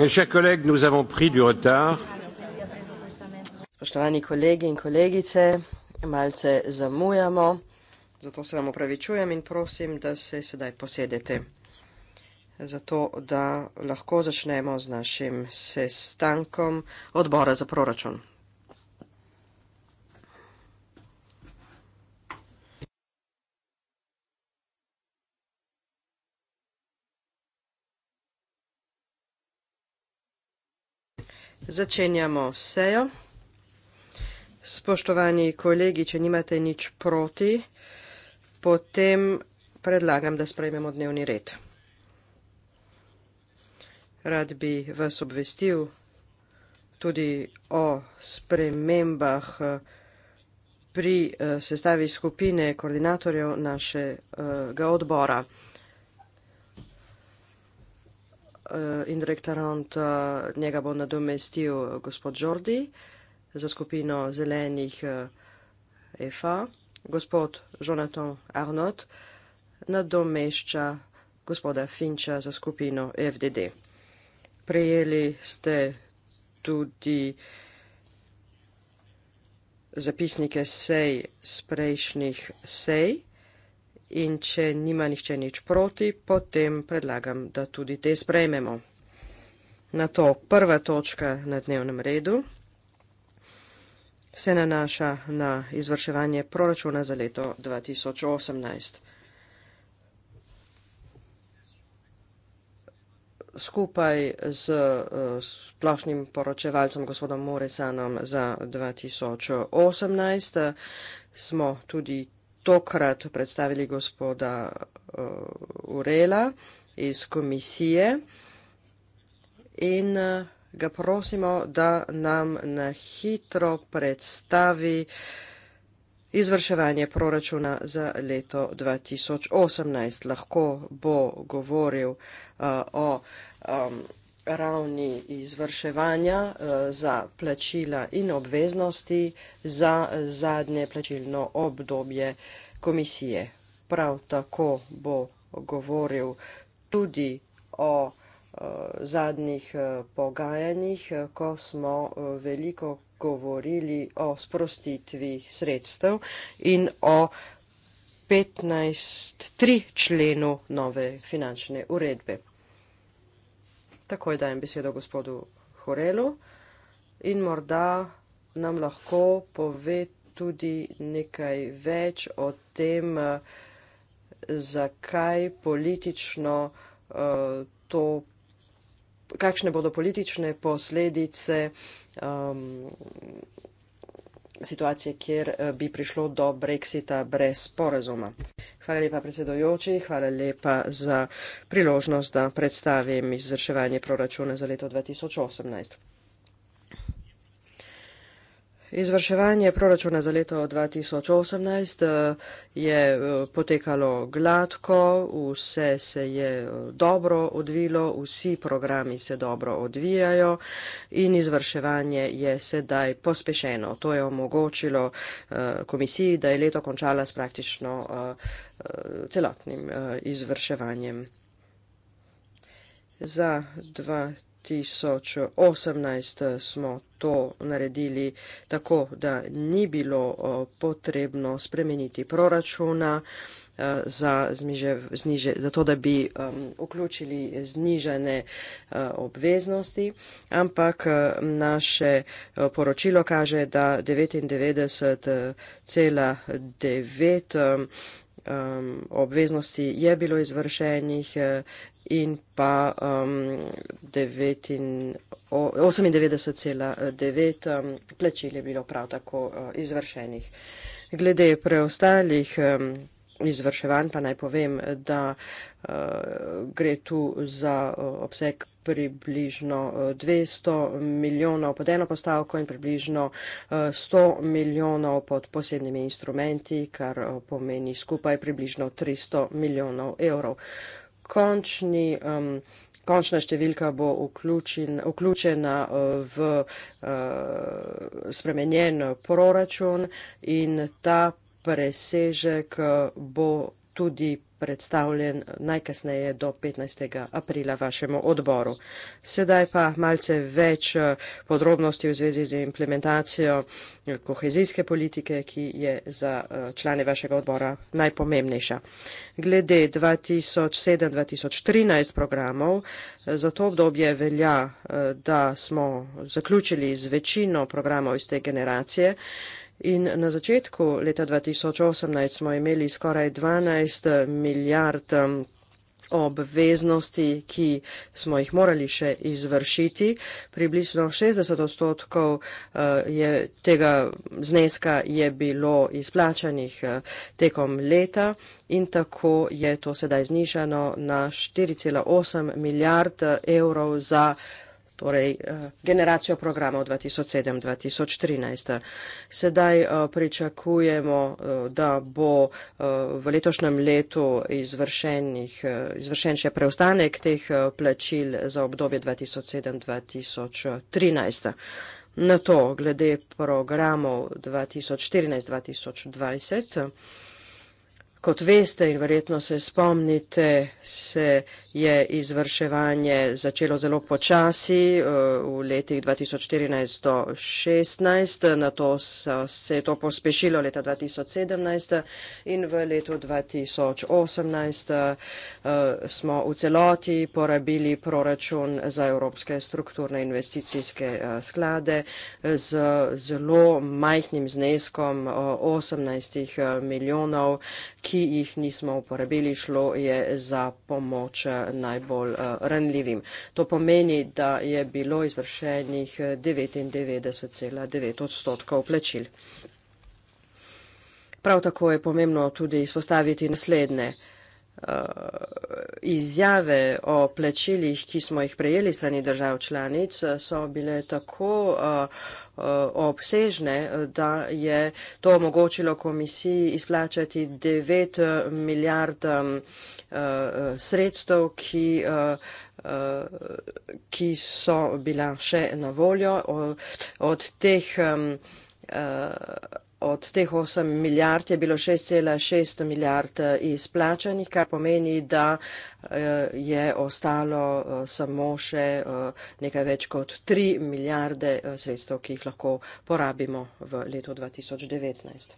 Mes chers collègues, nous avons pris du retard. Spoštovani kolegi in kolegice, malce zamujamo, zato se vam opravičujem in prosim, da se sedaj posedete. Zato, da lahko začnemo z našim sestankom odbora za proračun. Začenjamo sejo. Spoštovani kolegi, če nimate nič proti, potem predlagam, da sprejmemo dnevni red. Rad bi vas obvestil tudi o spremembah eh, pri eh, sestavi skupine koordinatorjev našega eh, odbora. uh, eh, Indrek Tarant, uh, eh, njega bo nadomestil eh, gospod Žordi za skupino zelenih uh, EFA. Gospod Jonathan Arnott nadomešča gospoda Finča za skupino FDD. Prejeli ste tudi zapisnike sej z prejšnjih sej. In če nima nihče nič proti, potem predlagam, da tudi te sprejmemo. Na to prva točka na dnevnem redu se nanaša na izvrševanje proračuna za leto 2018. Skupaj z eh, splošnim poročevalcem gospodom Moresanom za 2018 eh, smo tudi tokrat predstavili gospoda uh, Urela iz komisije in eh, ga prosimo, da nam na hitro predstavi izvrševanje proračuna za leto 2018. Lahko bo govoril uh, o. Um, ravni izvrševanja eh, za plačila in obveznosti za zadnje plačilno obdobje komisije. Prav tako bo govoril tudi o eh, zadnjih eh, pogajanjih, ko smo veliko govorili o sprostitvi sredstev in o 15.3 členu nove finančne uredbe. Takoj dajem besedo gospodu Horelu in morda nam lahko pove tudi nekaj več o tem, eh, zakaj politično eh, to, kakšne bodo politične posledice ehm, situacije, kjer eh, bi prišlo do brexita brez sporazuma. Hvala lepa predsedojoči, hvala lepa za priložnost, da predstavim izvrševanje proračuna za leto 2018. Izvrševanje proračuna za leto 2018 eh, je eh, potekalo gladko, vse se je eh, dobro odvilo, vsi programi se dobro odvijajo in izvrševanje je sedaj pospešeno. To je omogočilo komisiji, da je leto končala s praktično celotnim izvrševanjem. Za 2018. 2018 eh, smo to naredili tako, da ni bilo eh, potrebno spremeniti proračuna eh, za, zniže, zniže, za to, da bi um, vključili znižene uh, obveznosti, ampak naše poročilo kaže, da 99,9 um, obveznosti je bilo izvršenih, in pa um, 98,9 um, plačil je bilo prav tako uh, izvršenih. Glede preostalih um, izvrševanj pa naj povem, da uh, gre tu za uh, obseg približno 200 uh, milijonov pod eno postavko in približno 100 uh, milijonov pod posebnimi instrumenti, kar uh, pomeni skupaj približno 300 milijonov evrov. Uh, končni, um, končna številka bo vključen, vključena eh, v uh, spremenjen proračun in ta presežek eh, bo tudi predstavljen najkasneje do 15. aprila vašemu odboru. Sedaj pa malce več eh, podrobnosti v zvezi z implementacijo eh, kohezijske politike, ki je za eh, člane vašega odbora najpomembnejša. Glede 2007-2013 programov, za to obdobje velja, da smo zaključili z večino programov iz te generacije. In na začetku leta 2018 smo imeli skoraj 12 milijard um, obveznosti, ki smo jih morali še izvršiti. Približno 60 odstotkov uh, je, tega zneska je bilo izplačanih uh, tekom leta in tako je to sedaj znižano na 4,8 milijard uh, evrov za torej eh, generacijo programov 2007-2013. Sedaj eh, pričakujemo, eh, da bo v letošnjem letu izvršen še preostanek teh plačil za obdobje 2007-2013. Na to, glede programov 2014-2020. Kot veste in verjetno se spomnite, se je izvrševanje začelo zelo počasi eh, v letih 2014 do 2016, na to se je to pospešilo leta 2017 in v letu 2018 eh, smo v celoti porabili proračun za Evropske strukturne investicijske eh, sklade z zelo majhnim zneskom 18 milijonov, ki jih nismo uporabili, šlo je za pomoč eh, najbolj eh, ranljivim. To pomeni, da je bilo izvršenih 99,9 eh, odstotkov plačil. Prav tako je pomembno tudi izpostaviti naslednje. Eh, izjave o plačilih, ki smo jih prejeli strani držav članic, eh, so bile tako eh, obsežne, da je to omogočilo komisiji izplačati 9 milijard sredstev, ki, ki so bila še na voljo. Od teh od teh 8 milijard je bilo 6,6 milijard eh, izplačanih, kar pomeni, da eh, je ostalo eh, samo še nekaj več kot 3 milijarde sredstev, ki jih lahko porabimo v letu 2019.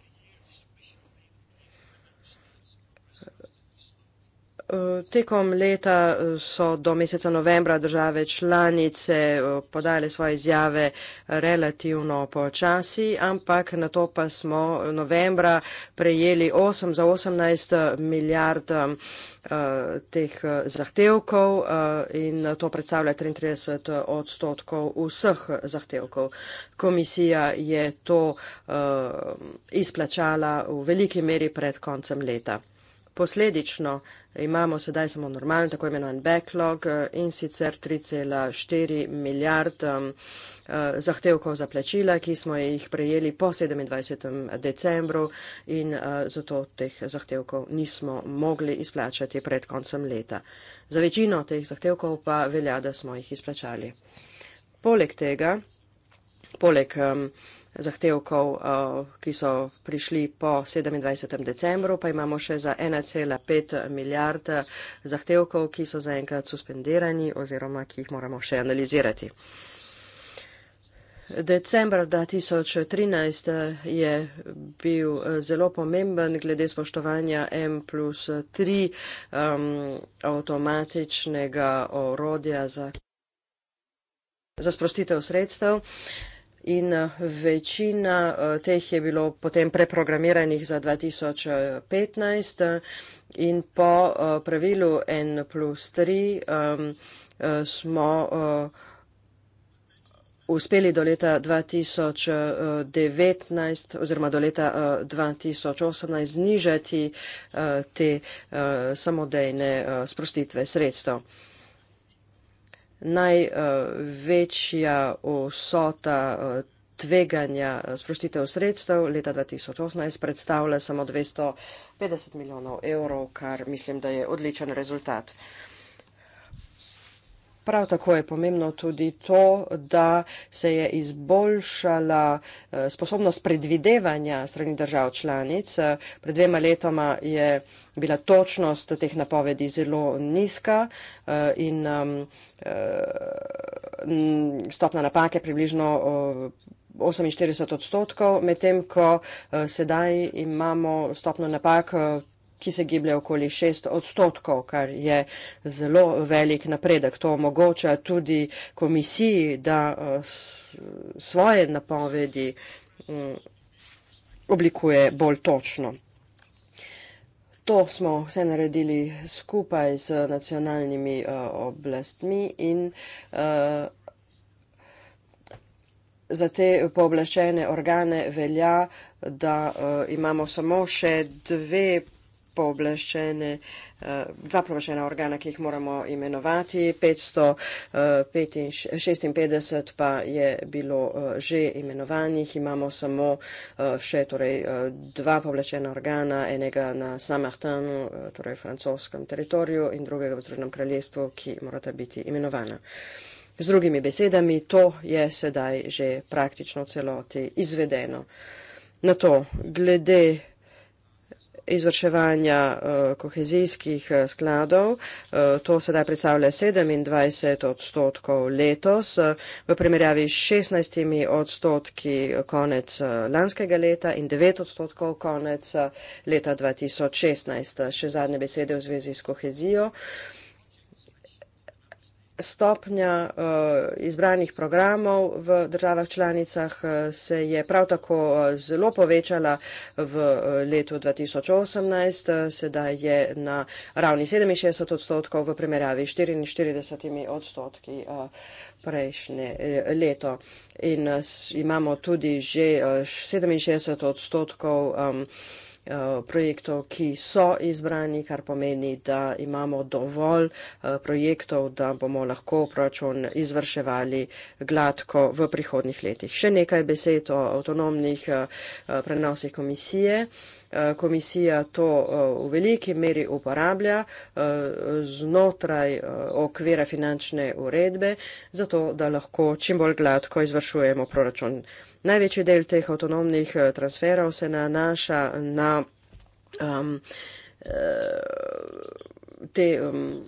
Tekom leta eh, so do meseca novembra države članice eh, podale svoje izjave relativno počasi, ampak na to pa smo eh, novembra prejeli 8 za 18 milijard teh zahtevkov in to predstavlja 33 odstotkov vseh zahtevkov. Komisija je to izplačala v veliki meri pred koncem leta. Posledično imamo sedaj samo normalen, tako imenovan backlog eh, in sicer 3,4 milijard um, eh, zahtevkov za plačila, ki smo jih prejeli po 27. decembru in eh, zato teh zahtevkov nismo mogli izplačati pred koncem leta. Za večino teh zahtevkov pa velja, da smo jih izplačali. Poleg tega, poleg um, zahtevkov, eh, ki so prišli po 27. decembru, pa imamo še za 1,5 milijard eh, zahtevkov, ki so zaenkrat suspendirani oziroma ki jih moramo še analizirati. December 2013 eh, je bil zelo pomemben glede spoštovanja M plus 3 um, ehm, avtomatičnega orodja za, za sprostitev sredstev. Uh, in eh, večina eh, teh je bilo potem preprogramiranih za 2015 eh, in po pravilu N plus 3 smo uspeli do leta 2019 oziroma do leta 2018 znižati te samodejne sprostitve sredstev največja eh, vsota eh, tveganja eh, sprostitev sredstev leta 2018 predstavlja samo 250 milijonov evrov, kar mislim, da je odličen rezultat. Prav tako je pomembno tudi to, da se je izboljšala eh, sposobnost predvidevanja strani držav članic. Pred dvema letoma je bila točnost teh napovedi zelo nizka eh, in um, eh, stopna napake približno 48 odstotkov, medtem ko sedaj imamo stopno napak ki se giblje okoli 6 odstotkov, kar je zelo velik napredek. To omogoča tudi komisiji, da eh, svoje napovedi mm, oblikuje bolj točno. To smo vse naredili skupaj z nacionalnimi eh, oblastmi in eh, za te pooblaščene organe velja, da imamo samo še dve pooblaščene, eh, dva pooblaščena organa, ki jih moramo imenovati, 556 eh, pa je bilo eh, že imenovanih, imamo samo še torej, dva pooblaščena organa, enega na Saint-Martinu, torej francoskem teritoriju in drugega v Združenem kraljestvu, ki morata biti imenovana. Z drugimi besedami, to je sedaj že praktično v celoti izvedeno. Na to, glede izvrševanja eh, kohezijskih eh, skladov. Eh, to sedaj predstavlja 27 odstotkov letos v primerjavi s 16 odstotki konec lanskega leta in 9 odstotkov konec leta 2016. Še zadnje besede v zvezi s kohezijo. Stopnja eh, izbranih programov v državah članicah eh, se je prav tako eh, zelo povečala v letu 2018, sedaj je na ravni 67 odstotkov v primerjavi 44 odstotki prejšnje leto. In imamo tudi že 67 odstotkov. Eh, projektov, ki so izbrani, kar pomeni, da imamo dovolj eh, projektov, da bomo lahko proračun izvrševali gladko v prihodnih letih. Še nekaj besed o avtonomnih eh, prenosih komisije komisija to eh, v veliki meri uporablja eh, znotraj eh, okvira finančne uredbe, zato da lahko čim bolj gladko izvršujemo proračun. Največji del teh avtonomnih transferov se nanaša na um, te. Um,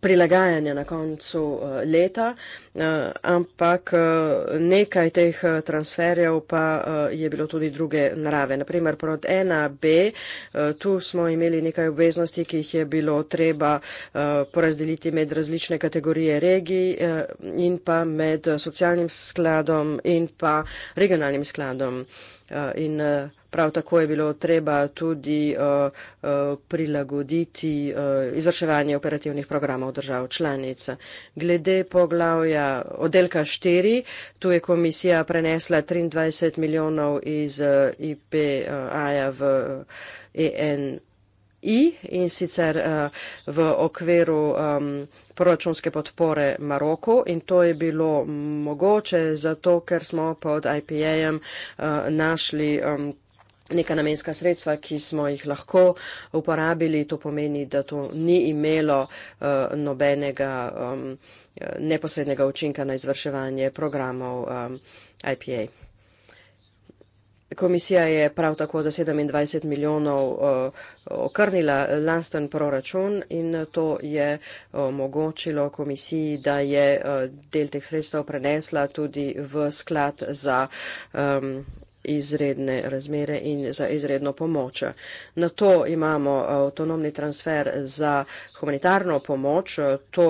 prilagajanja na koncu eh, leta, eh, ampak eh, nekaj teh transferjev pa je bilo tudi druge narave. Naprimer, prod 1B, tu smo imeli nekaj obveznosti, ki jih je bilo treba porazdeliti med različne kategorije regij in pa med socialnim skladom in pa regionalnim skladom. In Prav tako je bilo treba tudi uh, uh, prilagoditi uh, izvrševanje operativnih programov držav članic. Glede poglavja oddelka 4, tu je komisija prenesla 23 milijonov iz IPA-ja v EN. In sicer uh, v okviru um, proračunske podpore Maroku, in to je bilo mogoče zato, ker smo pod IPA-jem uh, našli. Um, neka namenska sredstva, ki smo jih lahko uporabili. To pomeni, da to ni imelo uh, nobenega um, neposrednega učinka na izvrševanje programov um, IPA. Komisija je prav tako za 27 milijonov uh, okrnila lasten proračun in to je omogočilo komisiji, da je uh, del teh sredstev prenesla tudi v sklad za um, izredne razmere in za izredno pomoč. Na to imamo avtonomni transfer za humanitarno pomoč, to,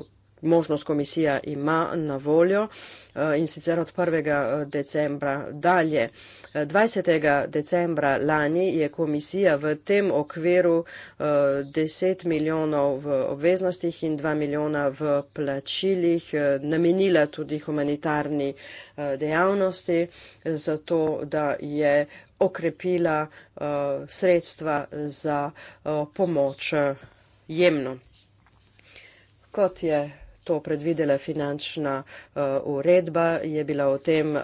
eh, možnost komisija ima na voljo eh, in sicer od 1. Eh, decembra dalje. 20. Eh, decembra lani je komisija v tem okviru 10 milijonov v obveznostih in 2 milijona v plačilih namenila tudi humanitarni dejavnosti, zato da je okrepila sredstva za pomoč jemno. Kot je to predvidela finančna uh, uredba, je bila o tem uh,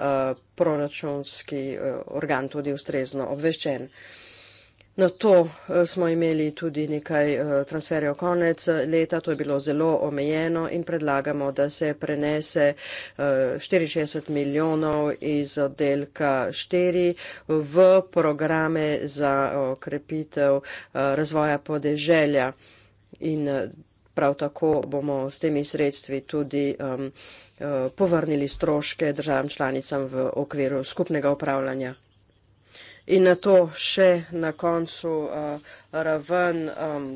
proračunski uh, organ tudi ustrezno obveščen. Na to smo imeli tudi nekaj transferjev konec leta, to je bilo zelo omejeno in predlagamo, da se prenese 64 milijonov iz oddelka 4 v programe za okrepitev razvoja podeželja in Prav tako bomo s temi sredstvi tudi um, uh, povrnili stroške državam članicam v okviru skupnega upravljanja. In na to še na koncu uh, raven. Um,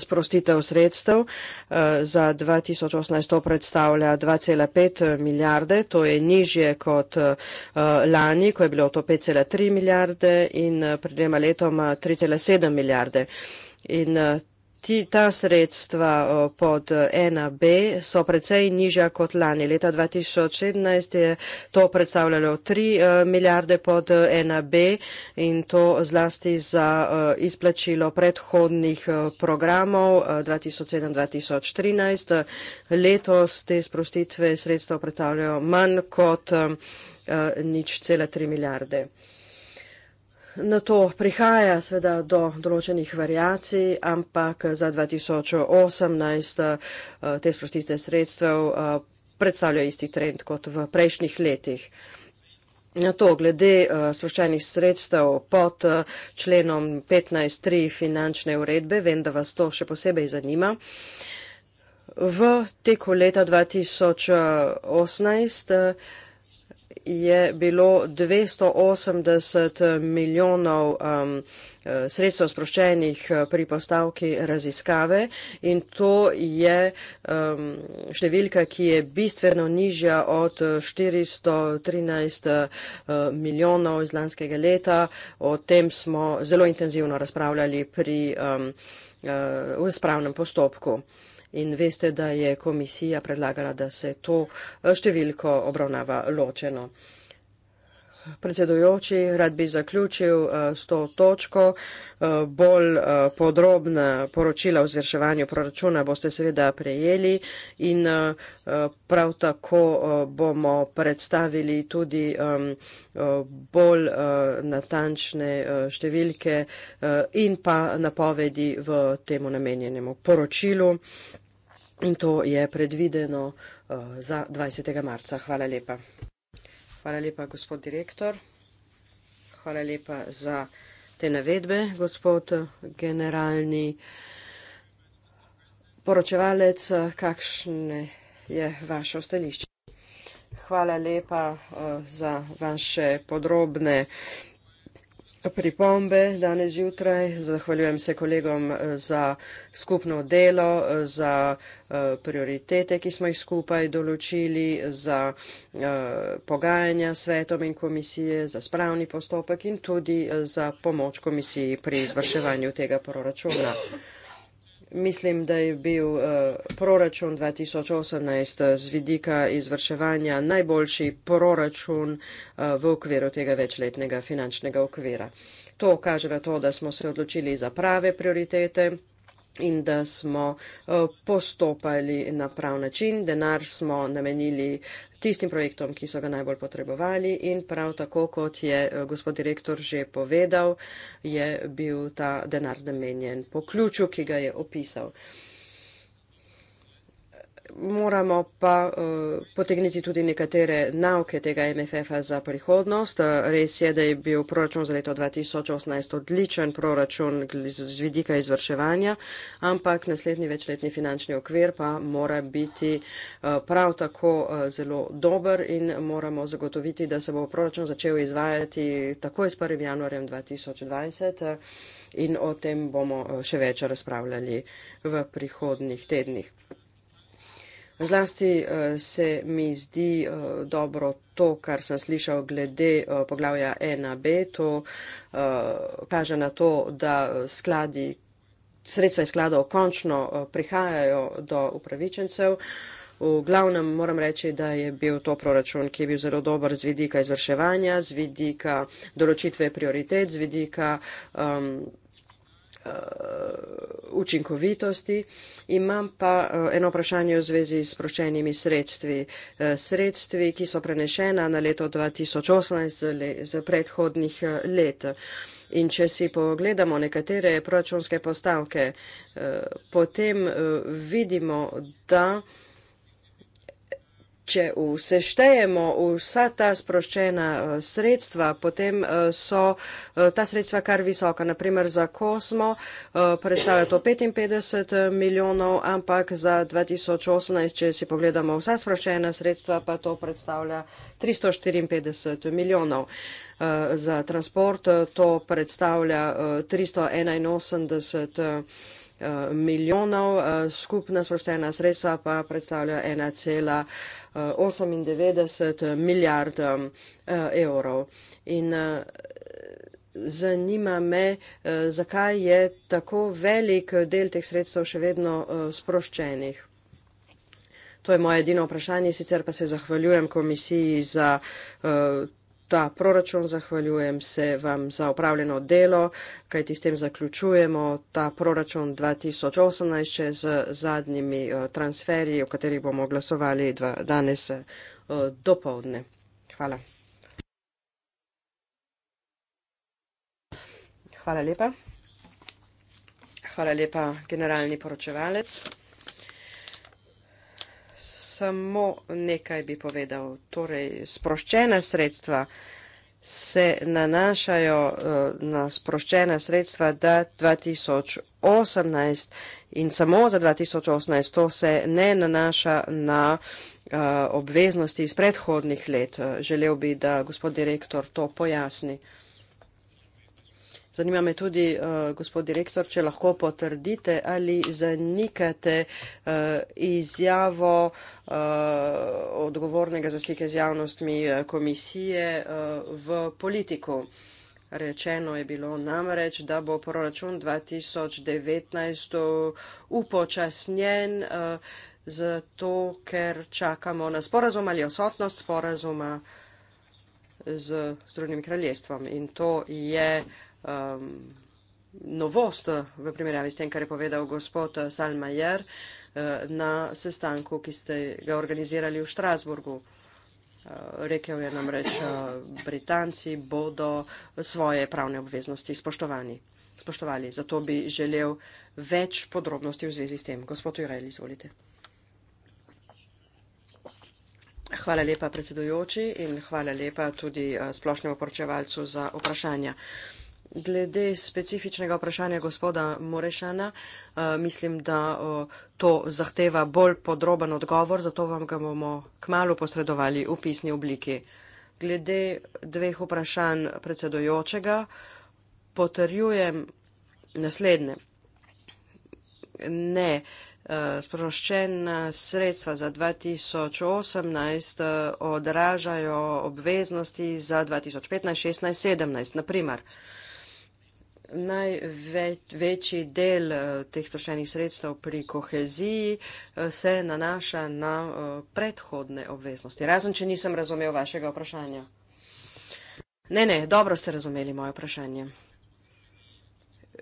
Sprostitev sredstev uh, za 2018 to predstavlja 2,5 milijarde, to je nižje kot uh, lani, ko je bilo to 5,3 milijarde in pred dvema letoma 3,7 milijarde. In ti, ta sredstva pod 1B so precej nižja kot lani. Leta 2017 je to predstavljalo 3 e, milijarde pod 1B in to zlasti za e, izplačilo predhodnih e, programov 2007-2013. Letos te sprostitve sredstva predstavljajo manj kot nič cela 3 milijarde na to prihaja seveda do določenih variacij, ampak za 2018 eh, te sprostitve sredstev eh, predstavlja isti trend kot v prejšnjih letih. Na to glede eh, sproščenih sredstev pod členom 15.3 finančne uredbe, vem, da vas to še posebej zanima. V teku leta 2018 je bilo 280 milijonov um, eh, sredstev sproščenih eh, pri postavki raziskave in to je um, številka, ki je bistveno nižja od 413 eh, milijonov iz lanskega leta. O tem smo zelo intenzivno razpravljali pri um, uh, spravnem postopku in veste, da je komisija predlagala, da se to eh, številko obravnava ločeno. Predsedujoči, rad bi zaključil eh, s to točko. Eh, bolj podrobna poročila o zvrševanju proračuna boste seveda prejeli in prav tako bomo predstavili tudi bolj natančne številke in pa napovedi v temu namenjenemu poročilu in to je predvideno uh, za 20. marca. Hvala lepa. Hvala lepa, gospod direktor. Hvala lepa za te navedbe, gospod generalni poročevalec, kakšne je vaše stališče. Hvala lepa uh, za vaše podrobne uh, pripombe danes jutraj. Zahvaljujem se kolegom eh, za skupno delo, eh, za eh, prioritete, ki smo jih skupaj določili, za pogajanja s svetom in komisije, za spravni postopek in tudi za pomoč komisiji pri izvrševanju tega proračuna. Mislim, da je bil eh, proračun 2018 eh, z vidika izvrševanja najboljši proračun eh, v okviru tega večletnega finančnega okvira. To kaže na to, da smo se odločili za prave prioritete in da smo eh, postopali na prav način. Denar smo namenili tistim projektom, ki so ga najbolj potrebovali in prav tako, kot je eh, gospod direktor že povedal, je bil ta denar namenjen po ključu, ki ga je opisal moramo pa uh, potegniti tudi nekatere nauke tega MFF-a za prihodnost. Res je, da je bil proračun za leto 2018 odličen proračun z vidika izvrševanja, ampak naslednji večletni finančni okvir pa mora biti uh, prav tako uh, zelo dober in moramo zagotoviti, da se bo proračun začel izvajati takoj s 1. januarjem 2020 uh, in o tem bomo še več razpravljali v prihodnih tednih. Zlasti uh, se mi zdi uh, dobro to, kar sem slišal glede uh, poglavja 1b. To uh, kaže na to, da skladi, sredstva iz skladov končno uh, prihajajo do upravičencev. V glavnem moram reči, da je bil to proračun, ki je bil zelo dober z vidika izvrševanja, z vidika določitve prioritet, z vidika. Um, Eh, učinkovitosti. Imam pa eh, eno vprašanje v zvezi s sproščenimi sredstvi. Eh, sredstvi, ki so prenešena na leto 2018 z predhodnih let. In če si pogledamo nekatere proračunske postavke, potem vidimo, da Če vseštejemo vsa ta sproščena eh, sredstva, potem eh, so eh, ta sredstva kar visoka. Naprimer za Kosmo predstavlja to 55 milijonov, ampak za 2018, če si pogledamo vsa sproščena sredstva, pa to predstavlja 354 milijonov. Za transport to predstavlja 381 milijonov. Eh, milijonov, eh, skupna sproščena sredstva pa predstavlja 1,98 eh, milijard evrov. In zanima me, zakaj je tako velik del teh sredstev še vedno sproščenih. To je moje edino vprašanje, sicer pa se zahvaljujem komisiji za uh, ta proračun, zahvaljujem se vam za upravljeno delo, kajti s tem zaključujemo ta proračun 2018 z zadnjimi eh, transferji, o katerih bomo glasovali danes eh, do povdne. Hvala. Hvala lepa. Hvala lepa, generalni poročevalec samo nekaj bi povedal. Torej, sproščena sredstva se nanašajo eh, na sproščena sredstva da 2018 in samo za 2018 to se ne nanaša na eh, obveznosti iz predhodnih let. Eh, želel bi, da gospod direktor to pojasni. Zanima me tudi, uh, gospod direktor, če lahko potrdite ali zanikate uh, izjavo uh, odgovornega za stike z javnostmi komisije uh, v politiku. Rečeno je bilo namreč, da bo proračun 2019 upočasnjen, uh, zato ker čakamo na sporazum ali osotnost sporazuma z Združenim kraljestvom. In to je. Uh, um, novost v primerjavi s tem, kar je povedal gospod Salmajer uh, na sestanku, ki ste ga organizirali v Štrasburgu. Uh, rekel je namreč, uh, Britanci bodo svoje pravne obveznosti spoštovali. Zato bi želel več podrobnosti v zvezi s tem. Gospod Jurel, izvolite. Hvala lepa predsedujoči in hvala lepa tudi uh, splošnemu poročevalcu za vprašanja. Um, Glede specifičnega vprašanja gospoda Morešana, eh, mislim, da eh, to zahteva bolj podroben odgovor, zato vam ga bomo kmalo posredovali v pisni obliki. Glede dveh vprašanj predsedojočega potrjujem naslednje. Ne, eh, sproščena sredstva za 2018 odražajo obveznosti za 2015, 2016, 2017. Naprimer, največji del eh, teh vprašanjih sredstev pri koheziji eh, se nanaša na eh, predhodne obveznosti. Razen, če nisem razumel vašega vprašanja. Ne, ne, dobro ste razumeli moje vprašanje.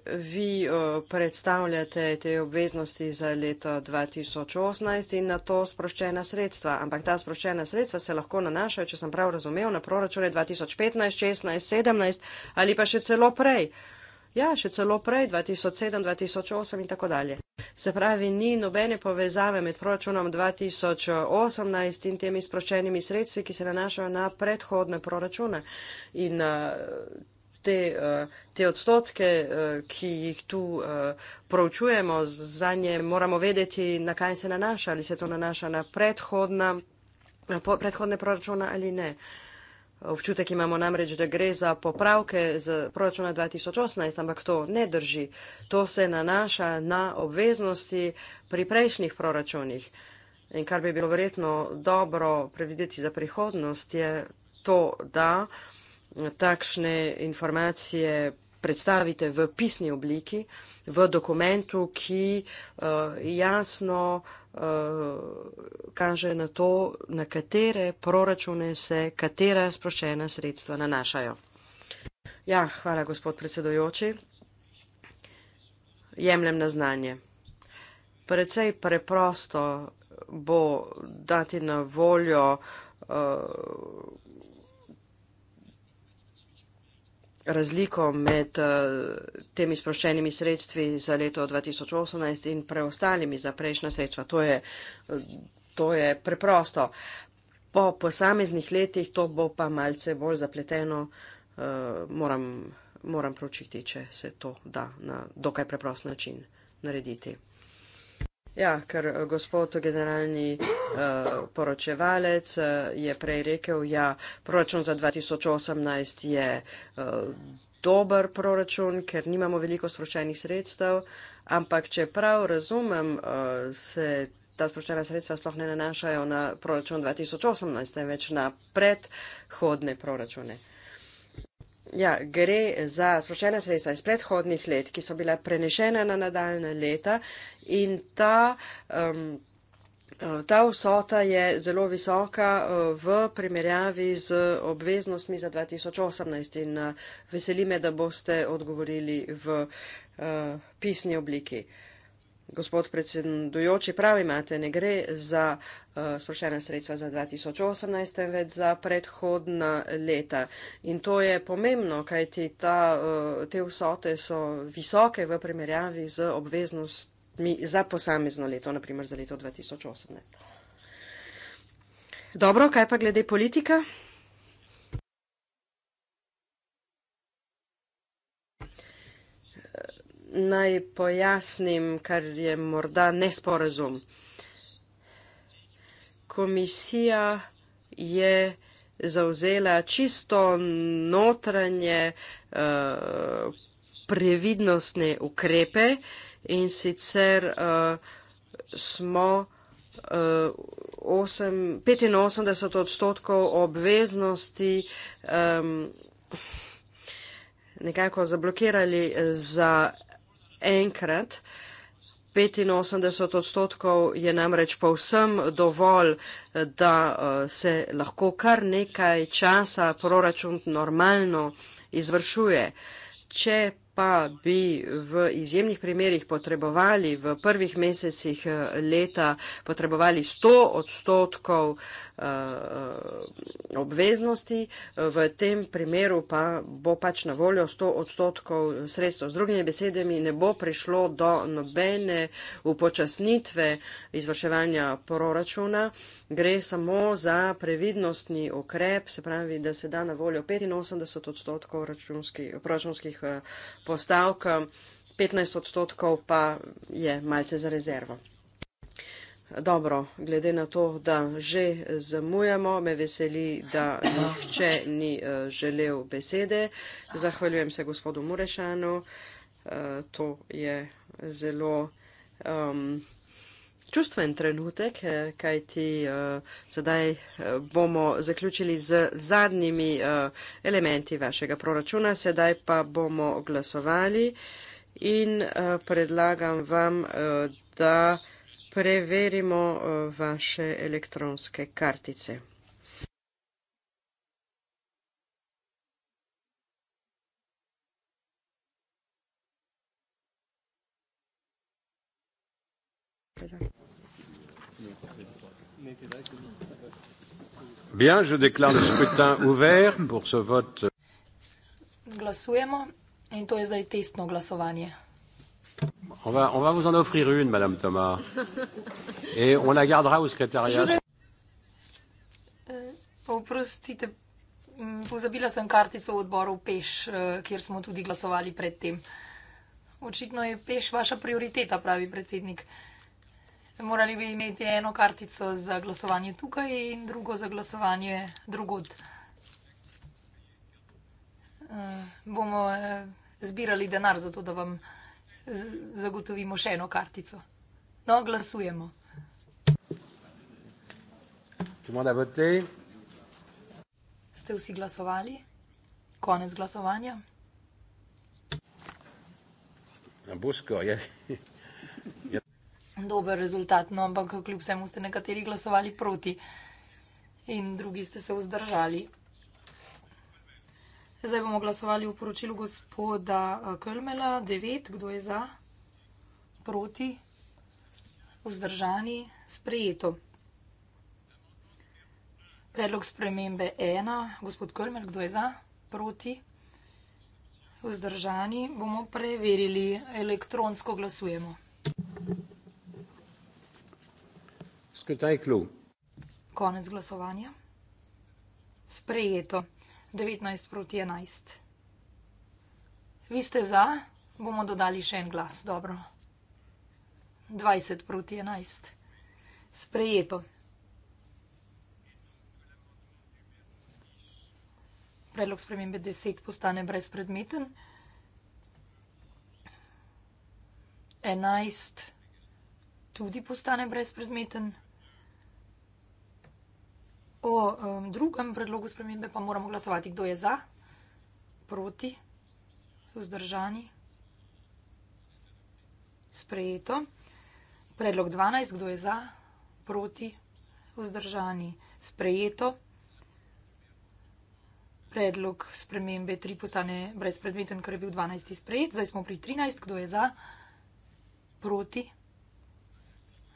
Vi predstavljate te obveznosti za leto 2018 in na to sproščena sredstva, ampak ta sproščena sredstva se lahko nanašajo, če sem prav razumel, na proračune 2015, 2016, 2017 ali pa še celo prej. Ja, še celo prej, 2007, 2008 in tako dalje. Se pravi, ni nobene povezave med proračunom 2018 in temi sproščenimi sredstvi, ki se nanašajo na predhodne proračune. In eh, te, eh, te odstotke, eh, ki jih tu proučujemo, za nje moramo vedeti, na kaj se nanaša, ali se to nanaša na predhodne proračune ali ne. Občutek imamo namreč, da gre za popravke z proračuna 2018, ampak to ne drži. To se nanaša na obveznosti pri prejšnjih proračunih. In kar bi bilo verjetno dobro predvideti za prihodnost, je to, da takšne informacije predstavite v pisni obliki, v dokumentu, ki uh, jasno uh, kaže na to, na katere proračune se katera sproščena sredstva nanašajo. Ja, hvala, gospod predsedojoči. Jemljem na znanje. Predvsej preprosto bo dati na voljo uh, razliko med eh, temi sproščenimi sredstvi za leto 2018 in preostalimi za prejšnja sredstva. To je, eh, to je preprosto. Po posameznih letih to bo pa malce bolj zapleteno, eh, moram, moram pročiti, če se to da na dokaj preprost način narediti. Ja, ker eh, gospod generalni uh, poročevalec uh, je prej rekel, ja, proračun za 2018 je uh, dober proračun, ker nimamo veliko sproščenih sredstev, ampak če prav razumem, uh, se ta sproščena sredstva sploh ne nanašajo na proračun 2018, temveč na predhodne proračune. Uh, Ja, gre za sproščene sredstva iz predhodnih let, ki so bile prenešene na nadaljne leta in ta, um, ta vsota je zelo visoka uh, v primerjavi z obveznostmi za 2018 in uh, veseli me, da boste odgovorili v uh, pisni obliki. Uh, Gospod predsedujoči, pravi imate, ne gre za uh, eh, sprošena sredstva za 2018, temveč za predhodna leta. In to je pomembno, kajti ta, uh, te vsote so visoke v primerjavi z obveznostmi za posamezno leto, naprimer za leto 2018. Dobro, kaj pa glede politika? naj pojasnim, kar je morda nesporazum. Komisija je zauzela čisto notranje uh, previdnostne ukrepe in sicer uh, smo uh, 8, 85 odstotkov obveznosti um, nekako zablokirali za enkrat. 85 odstotkov je namreč povsem dovolj, da eh, se lahko kar nekaj časa proračun normalno izvršuje. Če pa bi v izjemnih primerjih potrebovali v prvih mesecih eh, leta potrebovali 100 odstotkov eh, obveznosti, v tem primeru pa bo pač na voljo 100 odstotkov sredstva. Z drugimi besedami ne bo prišlo do nobene upočasnitve izvrševanja proračuna, gre samo za previdnostni ukrep, se pravi, da se da na voljo 85 odstotkov proračunskih eh, postavk, 15 odstotkov pa je malce za rezervo. Dobro, glede na to, da že zamujamo, me veseli, da nihče ni eh, želel besede. Zahvaljujem se gospodu Murešanu. Eh, to je zelo. Um, čustven trenutek, eh, kajti eh, sedaj eh, bomo zaključili z zadnjimi elementi vašega proračuna, sedaj pa bomo glasovali in predlagam vam, da preverimo vaše elektronske kartice. Gracias. Bien, je déclare le scrutin ouvert pour ce vote. Glasujemo in to je zdaj testno glasovanje. On va, on va vous en offrir une, madame Thomas. Et on la gardera au secrétariat. Euh, oprostite, mm, pozabila sem kartico v odboru Peš, eh, kjer smo tudi glasovali predtem. Očitno je Peš vaša prioriteta, pravi predsednik morali bi imeti eno kartico za glasovanje tukaj in drugo za glasovanje drugod. Eh, bomo eh, zbirali denar za to, da vam zagotovimo še eno kartico. No, glasujemo. Ste vsi glasovali? Konec glasovanja? Na busko, je dober rezultat, no, ampak kljub vsemu ste nekateri glasovali proti in drugi ste se vzdržali. Zdaj bomo glasovali v poročilu gospoda eh, Kölmela, devet, kdo je za, proti, vzdržani, sprejeto. Predlog spremembe ena, gospod Kölmel, kdo je za, proti, vzdržani, bomo preverili, elektronsko glasujemo. Thank you. Skratka, je klub. Konec glasovanja. Sprejeto. 19 proti 11. Vi ste za, bomo dodali še en glas. Dobro. 20 proti 11. Sprejeto. Predlog spremembe 10 postane brezpredmeten. 11 tudi postane brezpredmeten. O um, drugem predlogu spremembe pa moramo glasovati, kdo je za, proti, vzdržani, sprejeto. Predlog 12, kdo je za, proti, vzdržani, sprejeto. Predlog spremembe 3 postane brezpredmeten, ker je bil 12 sprejet. Zdaj smo pri 13, kdo je za, proti.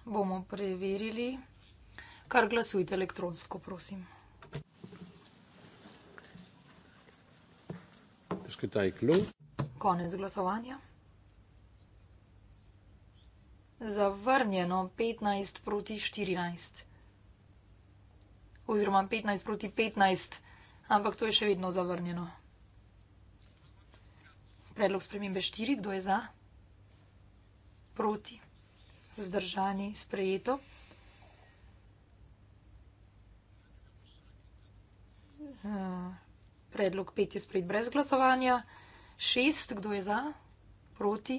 Bomo preverili kar glasujte elektronsko, prosim. Konec glasovanja. Zavrnjeno 15 proti 14. Oziroma 15 proti 15, ampak to je še vedno zavrnjeno. Predlog spremembe 4, kdo je za? Proti. Zdržani, sprejeto. Eh, predlog pet je sprejet brez glasovanja, šest, kdo je za, proti,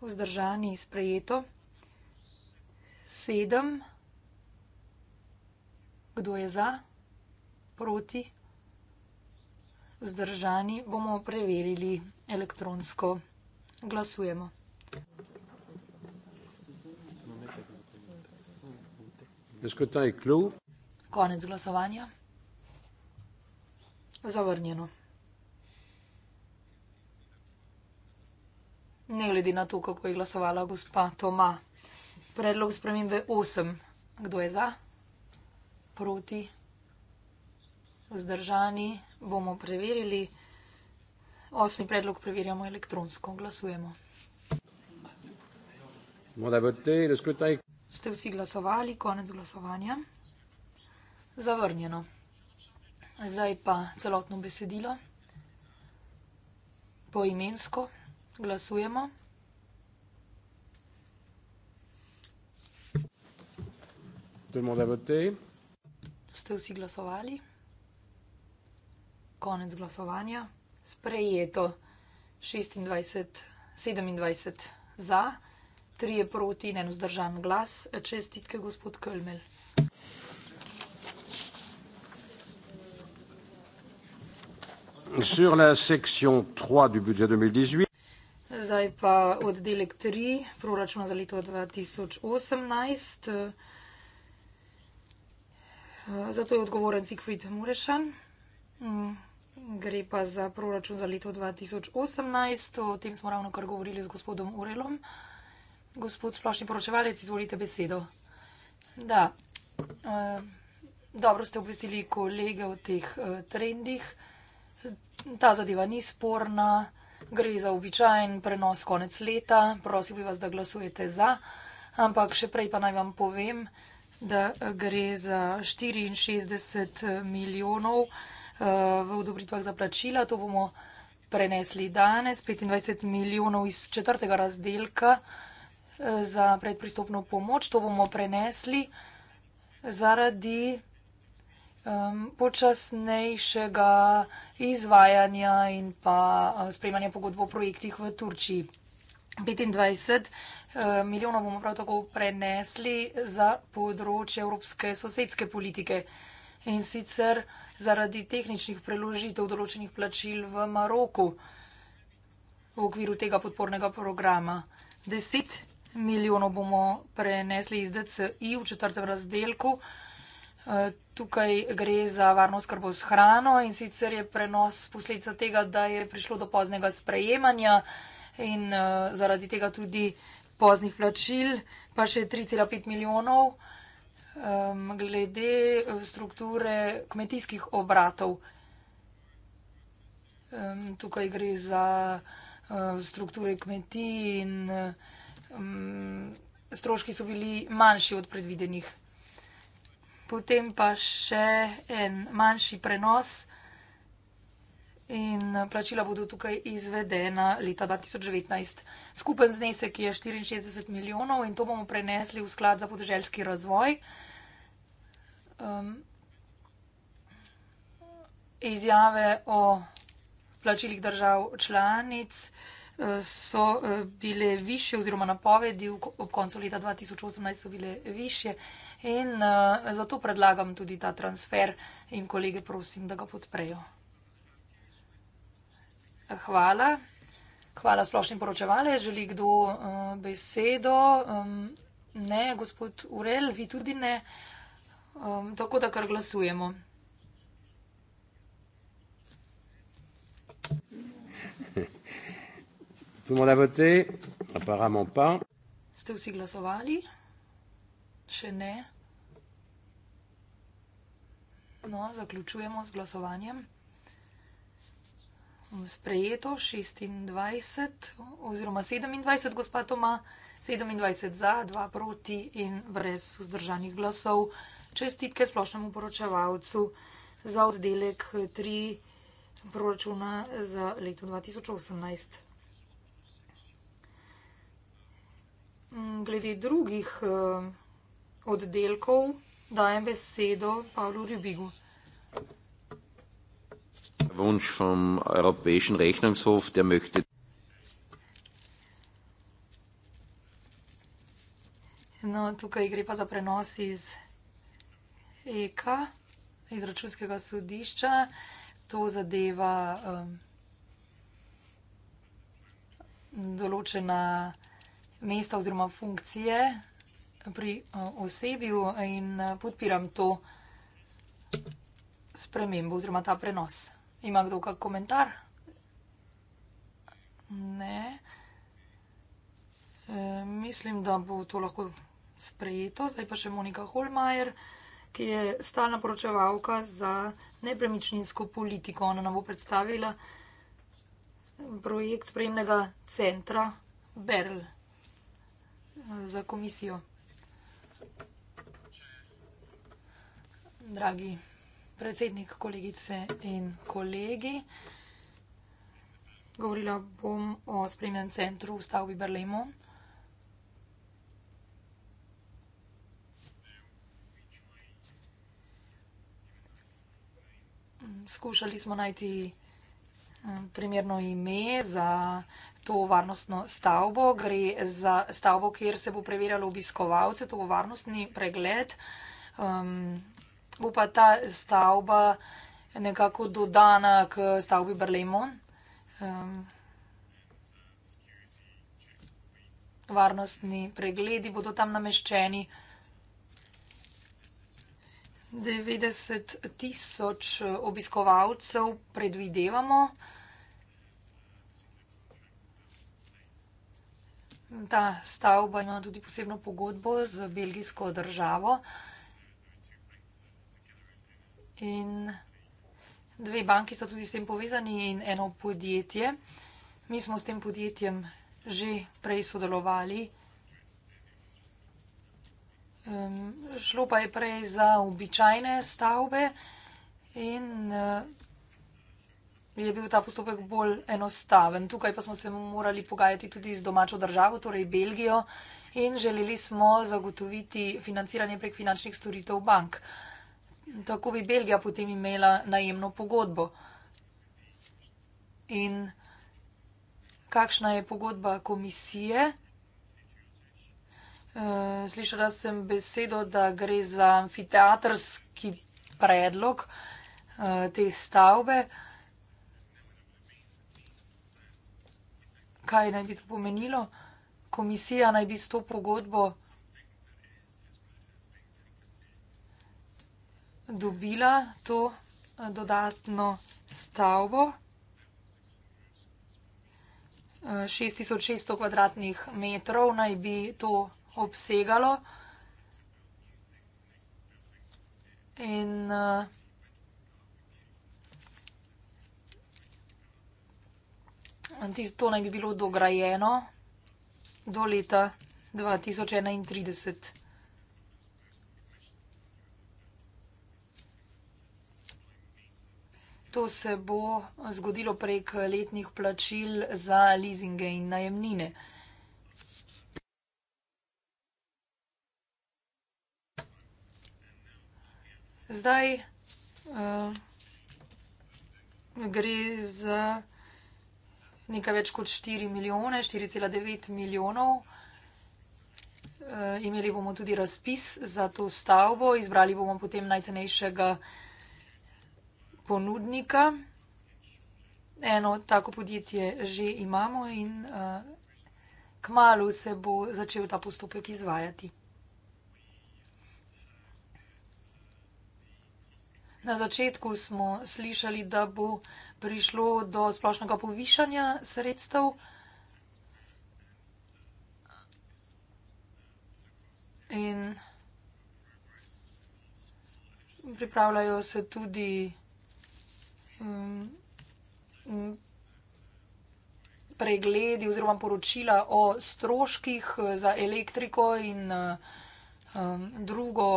vzdržani, sprejeto, sedem, kdo je za, proti, vzdržani, bomo preverili elektronsko. Glasujemo. Konec glasovanja. Zavrnjeno. Ne glede na to, kako je glasovala gospa Toma. Predlog spremembe 8. Kdo je za? Proti? Vzdržani? Bomo preverili. Osmi predlog preverjamo elektronsko. Glasujemo. Ste vsi glasovali? Konec glasovanja. Zavrnjeno. Zdaj pa celotno besedilo. Poimensko glasujemo. Ste vsi glasovali? Konec glasovanja. Sprejeto 26, 27 za, 3 proti in en vzdržan glas. Čestitke, gospod Kölmel. Sur la section 3 du budget 2018, Zdaj pa oddelek 3, proračun za leto 2018. Zato je odgovoren Siegfried Murešan. Gre pa za proračun za leto 2018. O tem smo ravno kar govorili z gospodom Urelom. Gospod splošni poročevalec, izvolite besedo. Da, eh, dobro ste obvestili kolege o teh eh, trendih ta zadeva ni sporna, gre za običajen prenos konec leta, prosil bi vas, da glasujete za, ampak še prej pa naj vam povem, da gre za 64 milijonov eh, v odobritvah za plačila, to bomo prenesli danes, 25 milijonov iz četrtega razdelka eh, za predpristopno pomoč, to bomo prenesli zaradi um, počasnejšega izvajanja in pa uh, sprejmanja pogodb o projektih v Turčiji. 25 uh, milijonov bomo prav tako prenesli za področje evropske sosedske politike in sicer zaradi tehničnih preložitev določenih plačil v Maroku v okviru tega podpornega programa. 10 milijonov bomo prenesli iz DCI v četrtem razdelku Eh, tukaj gre za varno skrbo z hrano in sicer je prenos posledica tega, da je prišlo do poznega sprejemanja in eh, zaradi tega tudi poznih plačil, pa še 3,5 milijonov ehm, glede eh, strukture kmetijskih obratov. Ehm, tukaj gre za strukture kmetij in ehm, stroški so bili manjši od predvidenih potem pa še en manjši prenos in plačila bodo tukaj izvedena leta 2019. Skupen znesek je 64 milijonov in to bomo prenesli v sklad za podeželjski razvoj. Um, izjave o plačilih držav članic eh, so eh, bile višje oziroma napovedi ob koncu leta 2018 so bile višje. In uh, zato predlagam tudi ta transfer in kolege prosim, da ga podprejo. Hvala. Hvala splošni poročevale. Želi kdo uh, besedo? Um, ne, gospod Urel, vi tudi ne. Um, tako da kar glasujemo. Tout le monde a voté Apparemment pas. Ste vsi glasovali? Še ne. No, zaključujemo z glasovanjem. Sprejeto 26 oziroma 27, gospa Toma, 27 za, 2 proti in brez vzdržanih glasov. Čestitke splošnemu poročevalcu za oddelek 3 proračuna za leto 2018. Mm, glede drugih eh, oddelkov dajem besedo Pavlu Rübigu. Wunsch vom Europäischen Rechnungshof, der möchte. No, tukaj gre pa za prenos iz EKA, iz računskega sodišča. To zadeva um, določena mesta oziroma funkcije pri osebju in e, podpiram to spremembo oziroma ta prenos. Ima kdo kak komentar? Ne. E, mislim, da bo to lahko sprejeto. Zdaj pa še Monika Holmajer, ki je stalna poročevalka za nepremičninsko politiko. Ona nam bo predstavila projekt spremnega centra Berl e, za komisijo. dragi predsednik, kolegice in kolegi. Govorila bom o spremljenem centru v stavbi Berlemo. Skušali smo najti mm, primerno ime za to varnostno stavbo. Gre za stavbo, kjer se bo preverjalo obiskovalce, to bo varnostni pregled. Um, bo pa ta stavba nekako dodana k stavbi Berlemon. Um, ehm, varnostni pregledi bodo tam nameščeni. 90 tisoč obiskovalcev predvidevamo. Ta stavba ima tudi posebno pogodbo z belgijsko državo in dve banki so tudi s tem povezani in eno podjetje. Mi smo s tem podjetjem že prej sodelovali. Um, šlo pa je prej za običajne stavbe in uh, je bil ta postopek bolj enostaven. Tukaj pa smo se morali pogajati tudi z domačo državo, torej Belgijo, in želeli smo zagotoviti financiranje prek finančnih storitev bank. Uh, tako bi Belgija potem imela najemno pogodbo. In kakšna je pogodba komisije? Eh, slišala sem besedo, da gre za amfiteatrski predlog eh, te stavbe. Kaj naj bi to pomenilo? Komisija naj bi s to pogodbo. dobila to eh, dodatno stavbo. Eh, šest tisoč šeststo kvadratnih metrov naj bi to obsegalo. In eh, to naj bi bilo dograjeno do leta dva tisoč enaintrideset. To se bo zgodilo prek letnih plačil za leasinge in najemnine. Zdaj uh, gre za nekaj več kot 4 milijone, 4,9 milijonov. Uh, imeli bomo tudi razpis za to stavbo, izbrali bomo potem najcenejšega ponudnika. Eno tako podjetje že imamo in eh, kmalo se bo začel ta postopek izvajati. Na začetku smo slišali, da bo prišlo do splošnega povišanja sredstev. In pripravljajo se tudi vsega, Um, um, pregledi oziroma poročila o stroških eh, za elektriko in eh, um, drugo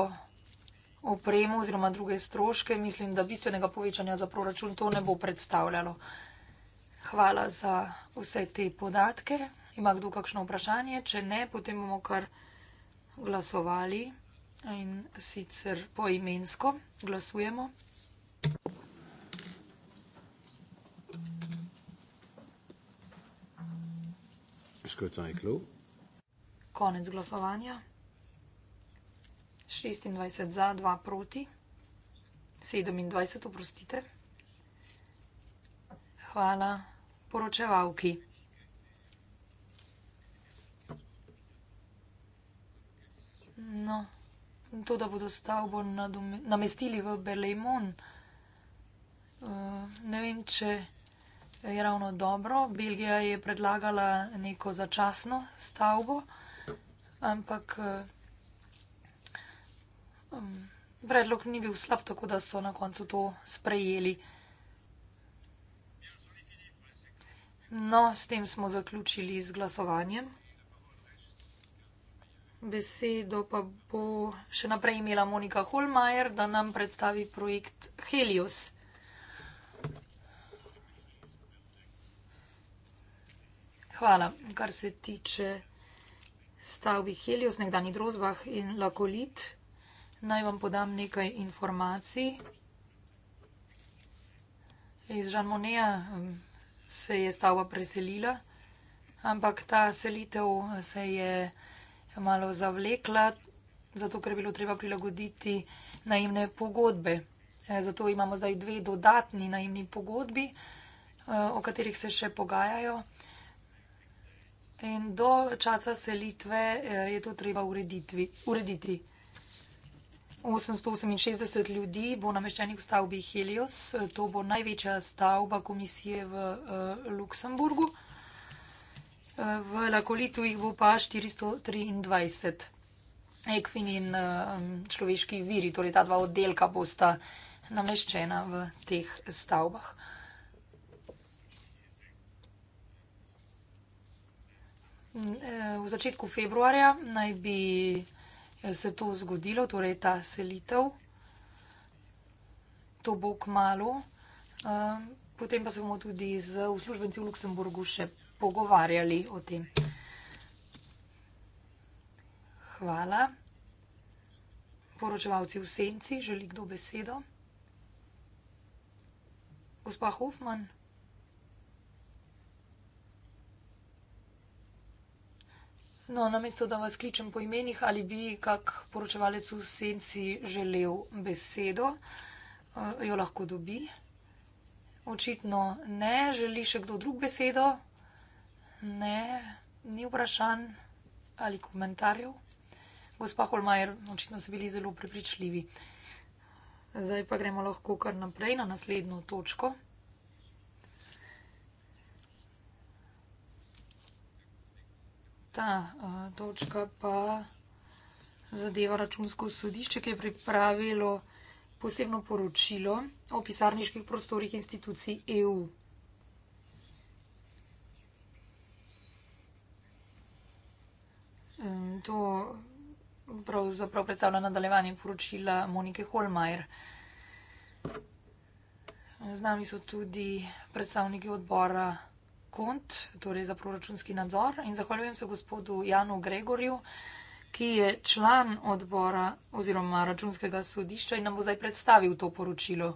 opremo oziroma druge stroške, mislim, da bistvenega povečanja za proračun to ne bo predstavljalo. Hvala za vse te podatke. Ima kdo kakšno vprašanje? Če ne, potem bomo kar glasovali in sicer poimensko glasujemo. Thank you. Škrtajklo. Konec glasovanja. 26 za, 2 proti, 27 oprostite. Hvala poročevalki. No, to, da bodo stavbo nadome, namestili v Belemon, uh, eh, ne vem, če je ravno dobro. Belgija je predlagala neko začasno stavbo, ampak um, predlog ni bil slab, tako da so na koncu to sprejeli. No, s tem smo zaključili z glasovanjem. Besedo pa bo še naprej imela Monika Holmajer, da nam predstavi projekt Helios. Hvala. Kar se tiče stavbi Helios, nekdani drozbah in lakolit, naj vam podam nekaj informacij. Iz Žan Moneja se je stavba preselila, ampak ta selitev se je malo zavlekla, zato ker je bilo treba prilagoditi najemne pogodbe. E, zato imamo zdaj dve dodatni najemni pogodbi, e, o katerih se še pogajajo. In do časa selitve eh, je to treba ureditvi, urediti. 868 ljudi bo nameščenih v stavbi Helios. To bo največja stavba komisije v uh, Luksemburgu. Eh, v Lakolitu jih bo pa 423. Ekvin in um, človeški viri, torej ta dva oddelka, bosta nameščena v teh stavbah. Eh, v začetku februarja naj bi eh, se to zgodilo, torej ta selitev. To bo k malu. Eh, potem pa se bomo tudi z uslužbenci v Luksemburgu še pogovarjali o tem. Hvala. Poročevalci v senci, želi kdo besedo? Gospa Hofmann. No, namesto da vas kličem po imenih, ali bi kak poročevalec v senci želel besedo, eh, jo lahko dobi. Očitno ne, želi še kdo drug besedo. Ne, ni vprašanj ali komentarjev. Gospa Holmajer, očitno ste bili zelo prepričljivi. Zdaj pa gremo lahko kar naprej na naslednjo točko. ta eh, točka pa zadeva računsko sodišče, ki je pripravilo posebno poročilo o pisarniških prostorih institucij EU. To pravzaprav predstavlja nadaljevanje poročila Monike Holmajer. Z nami so tudi predstavniki odbora kont, torej za proračunski nadzor. In zahvaljujem se gospodu Janu Gregorju, ki je član odbora oziroma računskega sodišča in nam bo zdaj predstavil to poročilo.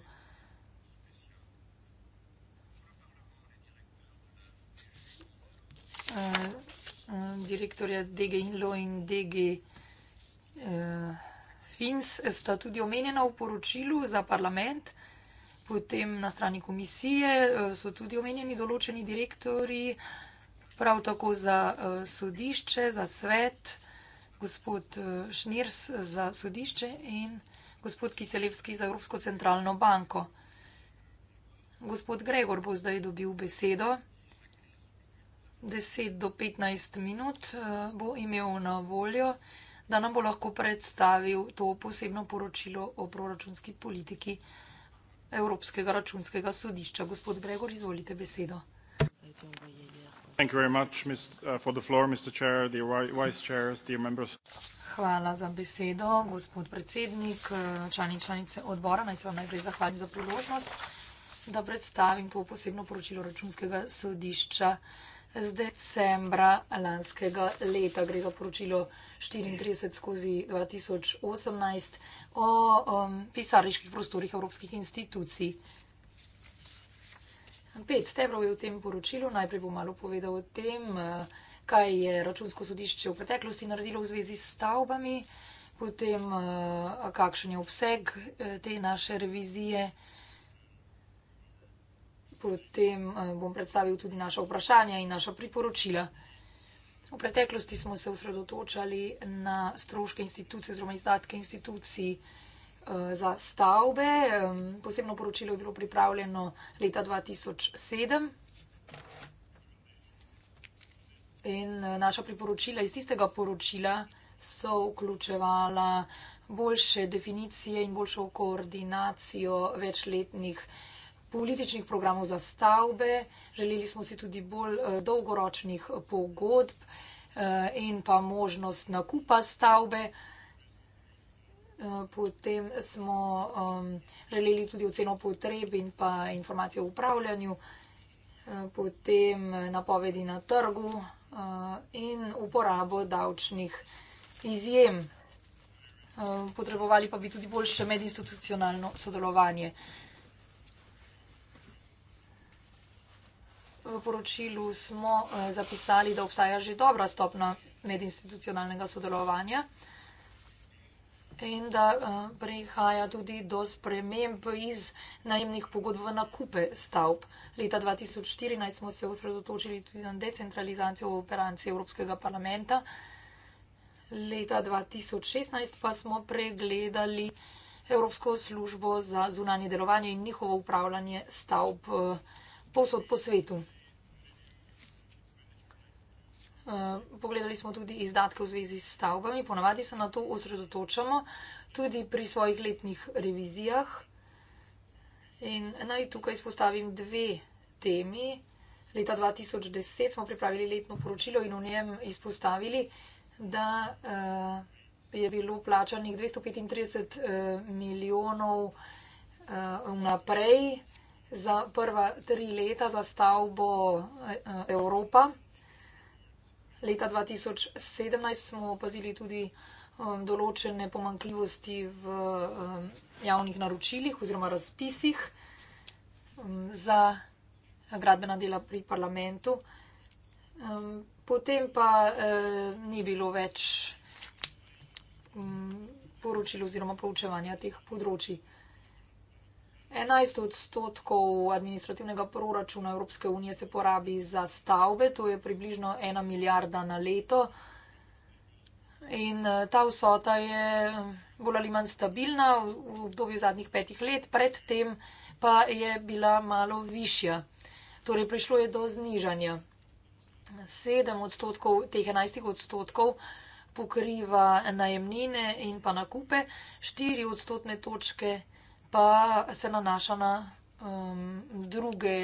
Eh, Direktorja DG Inlo in DG eh, Fins sta tudi omenjena v poročilu za parlament. Potem na strani komisije eh, so tudi omenjeni določeni direktori, prav tako za eh, sodišče, za svet, gospod eh, Šnirs za sodišče in gospod Kiselevski za Evropsko centralno banko. Gospod Gregor bo zdaj dobil besedo. 10 do 15 minut bo imel na voljo, da nam bo lahko predstavil to posebno poročilo o proračunski politiki. Evropskega računskega sodišča. Gospod Gregor, izvolite besedo. Uh, Hvala za besedo, gospod predsednik, uh, člani in članice odbora. Naj se vam najprej zahvalim za priložnost, da predstavim to posebno poročilo računskega sodišča z decembra lanskega leta. Gre za poročilo 34 skozi 2018 o um, pisariških prostorih evropskih institucij. Pet stebrov je v tem poročilu. Najprej bom malo povedal o tem, uh, kaj je računsko sodišče v preteklosti naredilo v zvezi s stavbami, potem uh, kakšen je obseg uh, te naše revizije potem eh, bom predstavil tudi naša vprašanja in naša priporočila. V preteklosti smo se usredotočali na stroške institucije oziroma izdatke institucij eh, za stavbe. Posebno poročilo je bilo pripravljeno leta 2007. In eh, naša priporočila iz tistega poročila so vključevala boljše definicije in boljšo koordinacijo večletnih institucij političnih programov za stavbe, želeli smo si tudi bolj eh, dolgoročnih eh, pogodb eh, in pa možnost nakupa stavbe. Potem smo ehm, želeli tudi oceno potreb in pa informacije o upravljanju, potem napovedi na trgu in uporabo davčnih izjem. Potrebovali pa bi tudi boljše medinstitucionalno sodelovanje. V poročilu smo eh, zapisali, da obstaja že dobra stopna medinstitucionalnega sodelovanja in da eh, prihaja tudi do sprememb iz najemnih pogodb v nakupe stavb. Leta 2014 smo se osredotočili tudi na decentralizacijo v operanci Evropskega parlamenta. Leta 2016 pa smo pregledali Evropsko službo za zunanje delovanje in njihovo upravljanje stavb eh, povsod po svetu. Eh, pogledali smo tudi izdatke v zvezi s stavbami, ponavadi se na to osredotočamo tudi pri svojih letnih revizijah. In naj tukaj izpostavim dve temi. Leta 2010 smo pripravili letno poročilo in v njem izpostavili, da eh, je bilo plačanih 235 eh, milijonov naprej za prva tri leta za stavbo Evropa. Leta 2017 smo opazili tudi um, določene pomankljivosti v um, javnih naročilih oziroma razpisih um, za gradbena dela pri parlamentu. Um, potem pa um, ni bilo več um, poročil oziroma poučevanja teh področji. 11 odstotkov administrativnega proračuna Evropske unije se porabi za stavbe, to je približno ena milijarda na leto. In eh, ta vsota je eh, bolj ali manj stabilna v obdobju zadnjih petih let, predtem pa je bila malo višja. Torej prišlo je do znižanja. 7 odstotkov teh 11 odstotkov pokriva najemnine in pa nakupe, 4 odstotne točke pokriva pa se nanaša na um, druge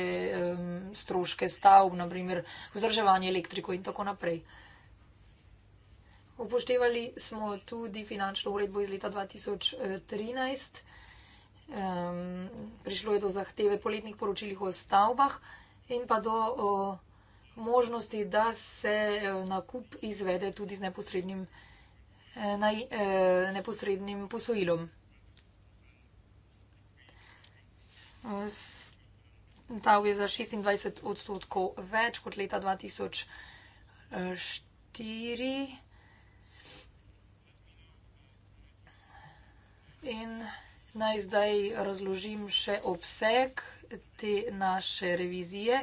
um, stroške stavb, naprimer vzdrževanje elektriko in tako naprej. Upoštevali smo tudi finančno uredbo iz leta 2013. Um, prišlo je do zahteve po letnih poročilih o stavbah in pa do o, možnosti, da se eh, nakup izvede tudi z neposrednim, eh, naj, eh, neposrednim posojilom. dal je za 26 odstotkov več kot leta 2004. Eh, In naj zdaj razložim še obseg te naše revizije.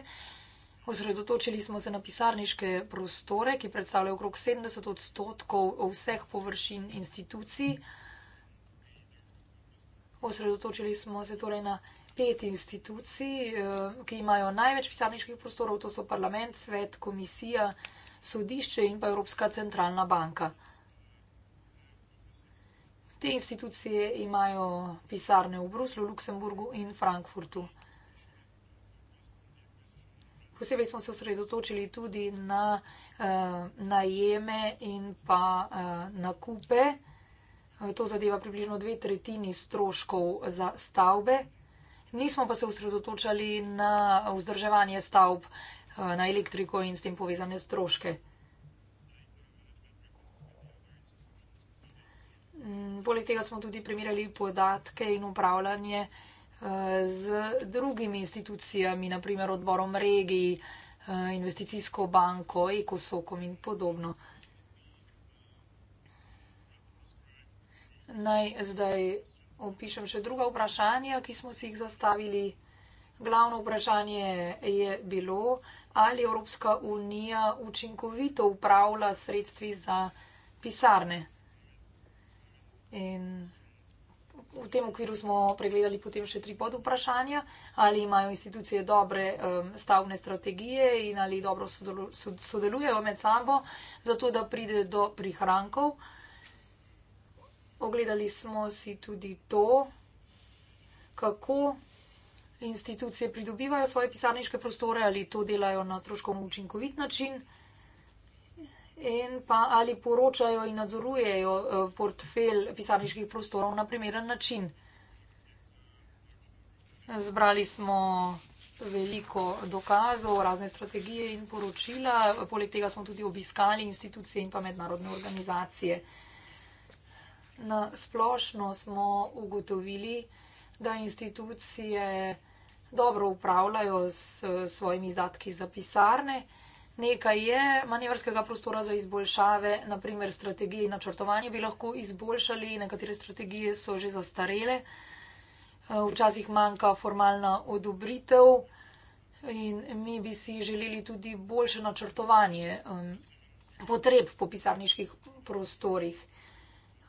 Osredotočili smo se na pisarniške prostore, ki predstavljajo okrog 70 odstotkov vseh površin institucij. Osredotočili smo se torej na pet institucij, eh, ki imajo največ pisarniških prostorov, to so parlament, svet, komisija, sodišče in pa Evropska centralna banka. Te institucije imajo pisarne v Bruslu, Luksemburgu in Frankfurtu. Posebej smo se osredotočili tudi na eh, najeme in pa eh, nakupe. Eh, to zadeva približno dve tretjini stroškov za stavbe nismo pa se usredotočali na vzdrževanje stavb, eh, na elektriko in s tem povezane stroške. Mm, poleg tega smo tudi primerjali podatke in upravljanje eh, z drugimi institucijami, naprimer odborom regiji, eh, investicijsko banko, ekosokom in podobno. Naj zdaj opišem še druga vprašanja, ki smo si jih zastavili. Glavno vprašanje je bilo, ali Evropska unija učinkovito upravlja sredstvi za pisarne. In v tem okviru smo pregledali potem še tri pod vprašanja, ali imajo institucije dobre stavne strategije in ali dobro sodelujejo med sabo, zato da pride do prihrankov. Ogledali smo si tudi to, kako institucije pridobivajo svoje pisarniške prostore, ali to delajo na stroškovno učinkovit način, in pa ali poročajo in nadzorujejo eh, portfelj pisarniških prostorov na primeren način. Zbrali smo veliko dokazov, razne strategije in poročila, poleg tega smo tudi obiskali institucije in pa mednarodne organizacije. Na splošno smo ugotovili, da institucije dobro upravljajo s svojimi izdatki za pisarne. Nekaj je manevrskega prostora za izboljšave, naprimer strategije in načrtovanje bi lahko izboljšali, nekatere strategije so že zastarele, včasih manjka formalna odobritev in mi bi si želeli tudi boljše načrtovanje um, potreb po pisarniških prostorih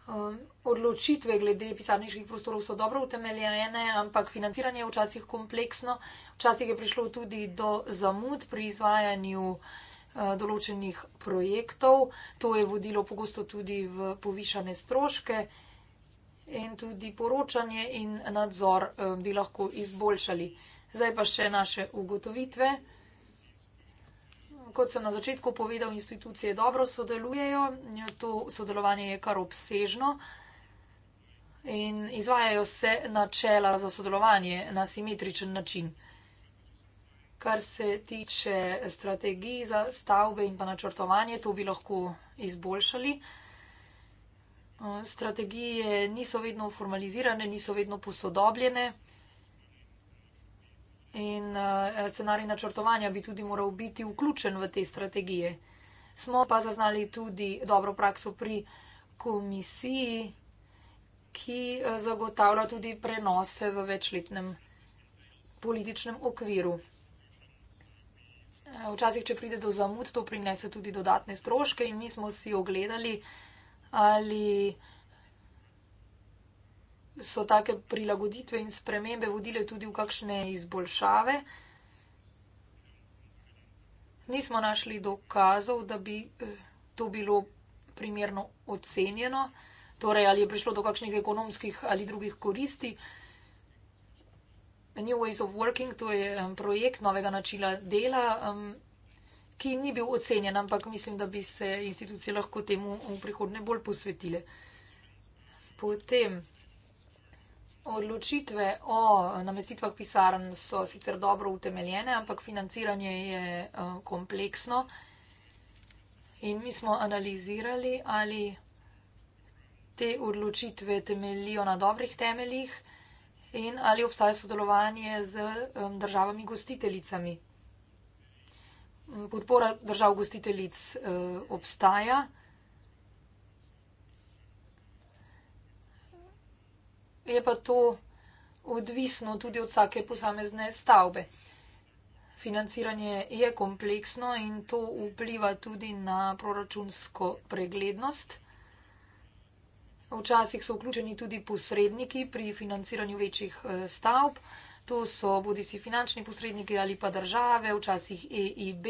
um, odločitve glede pisarniških prostorov so dobro utemeljene, ampak financiranje je včasih kompleksno. Včasih je prišlo tudi do zamud pri izvajanju uh, določenih projektov. To je vodilo pogosto tudi v povišane stroške in tudi poročanje in nadzor um, bi lahko izboljšali. Zdaj pa še naše ugotovitve kot sem na začetku povedal, institucije dobro sodelujejo, to sodelovanje je kar obsežno in izvajajo se načela za sodelovanje na simetričen način. Kar se tiče strategij za stavbe in pa načrtovanje, to bi lahko izboljšali. Strategije niso vedno formalizirane, niso vedno posodobljene in uh, scenarij načrtovanja bi tudi moral biti vključen v te strategije. Smo pa zaznali tudi dobro prakso pri komisiji, ki eh, zagotavlja tudi prenose v večletnem političnem okviru. Eh, včasih, če pride do zamud, to prinese tudi dodatne stroške in mi smo si ogledali, ali so take prilagoditve in spremembe vodile tudi v kakšne izboljšave. Nismo našli dokazov, da bi eh, to bilo primerno ocenjeno, torej ali je prišlo do kakšnih ekonomskih ali drugih koristi. A new Ways of Working, to je projekt novega načina dela, ki ni bil ocenjen, ampak mislim, da bi se institucije lahko temu v prihodne bolj posvetile. Potem. Odločitve o namestitvah pisarn so sicer dobro utemeljene, ampak financiranje je eh, kompleksno. In mi smo analizirali, ali te odločitve temeljijo na dobrih temeljih in ali obstaja sodelovanje z državami gostiteljicami. Podpora držav gostiteljic eh, obstaja. je pa to odvisno tudi od vsake posamezne stavbe. Financiranje je kompleksno in to vpliva tudi na proračunsko preglednost. Včasih so vključeni tudi posredniki pri financiranju večjih eh, stavb. To so bodi si finančni posredniki ali pa države, včasih EIB.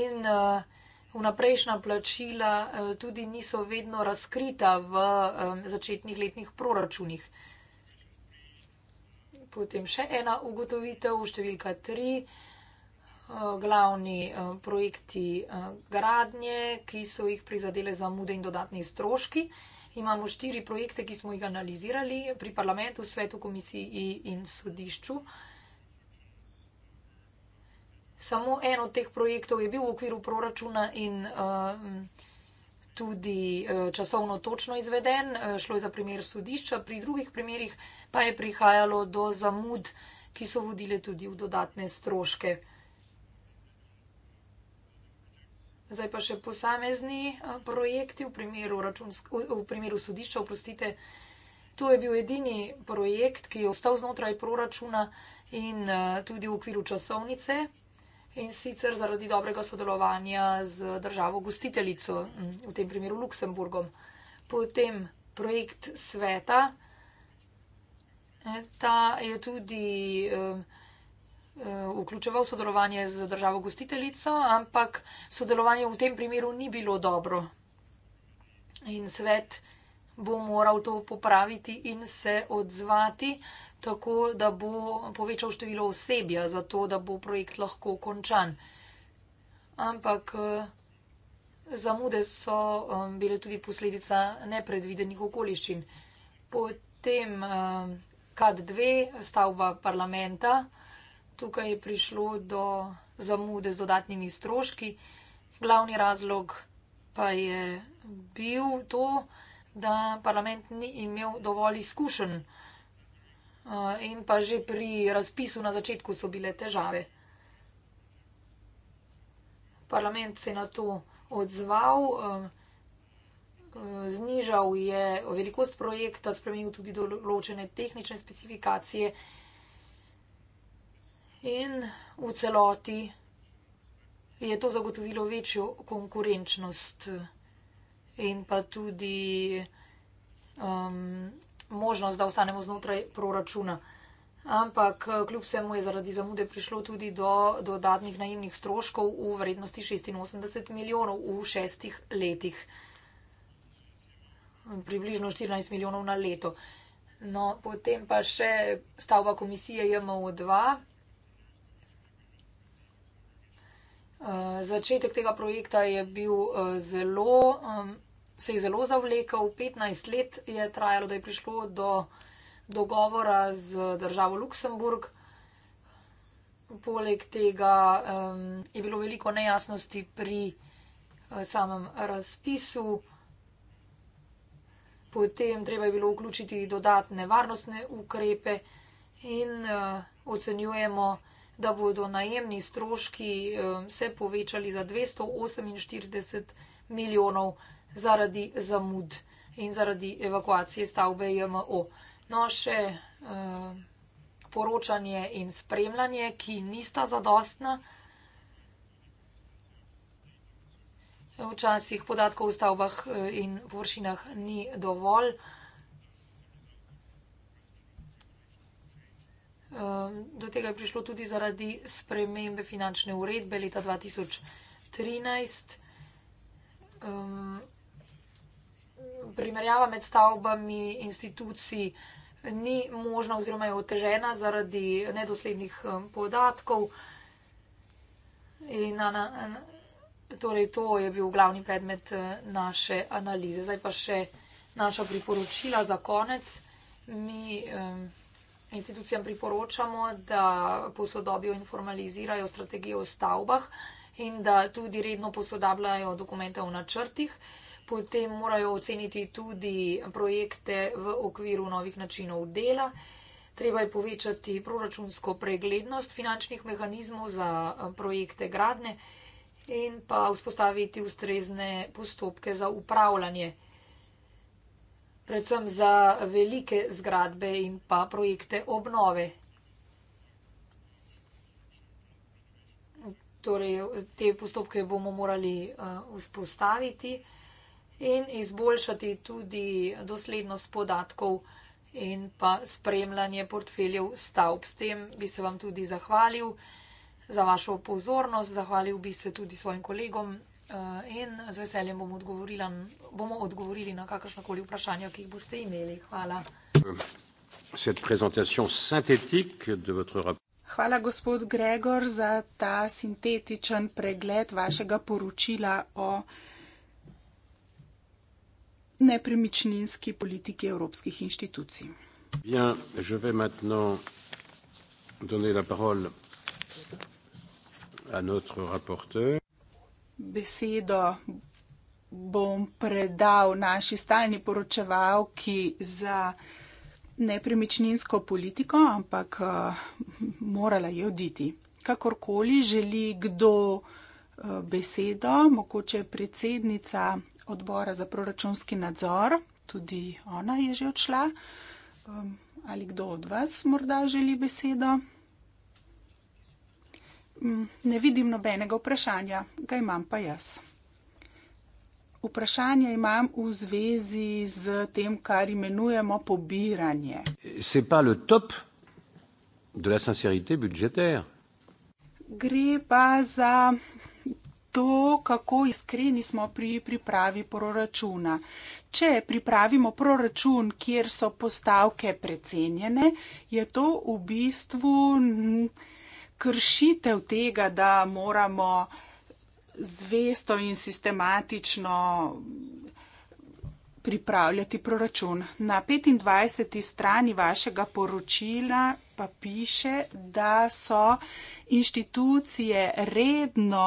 In uh, vnaprejšnja plačila eh, tudi niso vedno razkrita v začetnih letnih proračunih. Potem še ena ugotovitev, številka tri, eh, glavni eh, projekti gradnje, ki so jih prizadele zamude in dodatni stroški. Imamo štiri projekte, ki smo jih analizirali pri parlamentu, svetu, komisiji in sodišču samo en od teh projektov je bil v okviru proračuna in eh, tudi eh, časovno točno izveden. Eh, šlo je za primer sodišča, pri drugih primerjih pa je prihajalo do zamud, ki so vodile tudi v dodatne stroške. Zdaj pa še posamezni projekti v primeru, računsk, v primeru sodišča, oprostite, to je bil edini projekt, ki je ostal znotraj proračuna in tudi v okviru časovnice. In sicer zaradi dobrega sodelovanja z državo gostiteljico, mm, v tem primeru Luksemburgom. Potem projekt sveta. E, ta je tudi e, e, vključeval sodelovanje z državo gostiteljico, ampak sodelovanje v tem primeru ni bilo dobro. In svet bo moral to popraviti in se odzvati tako da bo povečal število osebja, zato da bo projekt lahko končan. Ampak eh, zamude so eh, bile tudi posledica nepredvidenih okoliščin. Potem eh, KAD-2, stavba parlamenta, tukaj je prišlo do zamude z dodatnimi stroški. Glavni razlog pa je bil to, da parlament ni imel dovolj izkušenj in pa že pri razpisu na začetku so bile težave. Parlament se je na to odzval, znižal je velikost projekta, spremenil tudi določene tehnične specifikacije in v celoti je to zagotovilo večjo konkurenčnost in pa tudi možnost, da ostanemo znotraj proračuna. Ampak eh, kljub vsemu je zaradi zamude prišlo tudi do dodatnih najemnih stroškov v vrednosti 86 milijonov v šestih letih. Približno 14 milijonov na leto. No, potem pa še stavba komisije JMO2. Eh, začetek tega projekta je bil eh, zelo se je zelo zavlekel. 15 let je trajalo, da je prišlo do dogovora z državo Luksemburg. Poleg tega um, je bilo veliko nejasnosti pri uh, samem razpisu. Potem treba je bilo vključiti dodatne varnostne ukrepe in uh, ocenjujemo, da bodo najemni stroški uh, se povečali za 248 milijonov zaradi zamud in zaradi evakuacije stavbe JMO. No, še uh, eh, poročanje in spremljanje, ki nista zadostna. Včasih podatkov o stavbah eh, in površinah ni dovolj. Eh, do tega je prišlo tudi zaradi spremembe finančne uredbe leta 2013 primerjava med stavbami institucij ni možna oziroma je otežena zaradi nedoslednih eh, podatkov. In, na, na, torej, to je bil glavni predmet eh, naše analize. Zdaj pa še naša priporočila za konec. Mi eh, institucijam priporočamo, da posodobijo in formalizirajo strategijo o stavbah in da tudi redno posodabljajo dokumente o načrtih potem morajo oceniti tudi projekte v okviru novih načinov dela. Treba je povečati proračunsko preglednost finančnih mehanizmov za eh, projekte gradne in pa vzpostaviti ustrezne postopke za upravljanje, predvsem za velike zgradbe in pa projekte obnove. Torej, te postopke bomo morali uh, vzpostaviti in izboljšati tudi doslednost podatkov in pa spremljanje portfeljev stavb. S tem bi se vam tudi zahvalil za vašo pozornost, zahvalil bi se tudi svojim kolegom eh, in z veseljem bomo odgovorili, bomo odgovorili na kakršnakoli vprašanja, ki jih boste imeli. Hvala. Hvala, gospod Gregor, za ta sintetičen pregled vašega poročila o nepremičninski politiki evropskih inštitucij. Bien, je vais maintenant donner la parole à notre rapporteur. Besedo bom predal naši stalni poročevalki za nepremičninsko politiko, ampak eh, morala je oditi. Kakorkoli želi kdo eh, besedo, mogoče predsednica odbora za proračunski nadzor, tudi ona je že odšla. Um, ali kdo od vas morda želi besedo? Mm, ne vidim nobenega vprašanja, ga imam pa jaz. Vprašanje imam v zvezi z tem, kar imenujemo pobiranje. Se pa le top de la sincerite budžetar. Gre pa za to, kako iskreni smo pri pripravi proračuna. Če pripravimo proračun, kjer so postavke precenjene, je to v bistvu kršitev tega, da moramo zvesto in sistematično pripravljati proračun. Na 25. strani vašega poročila pa piše, da so inštitucije redno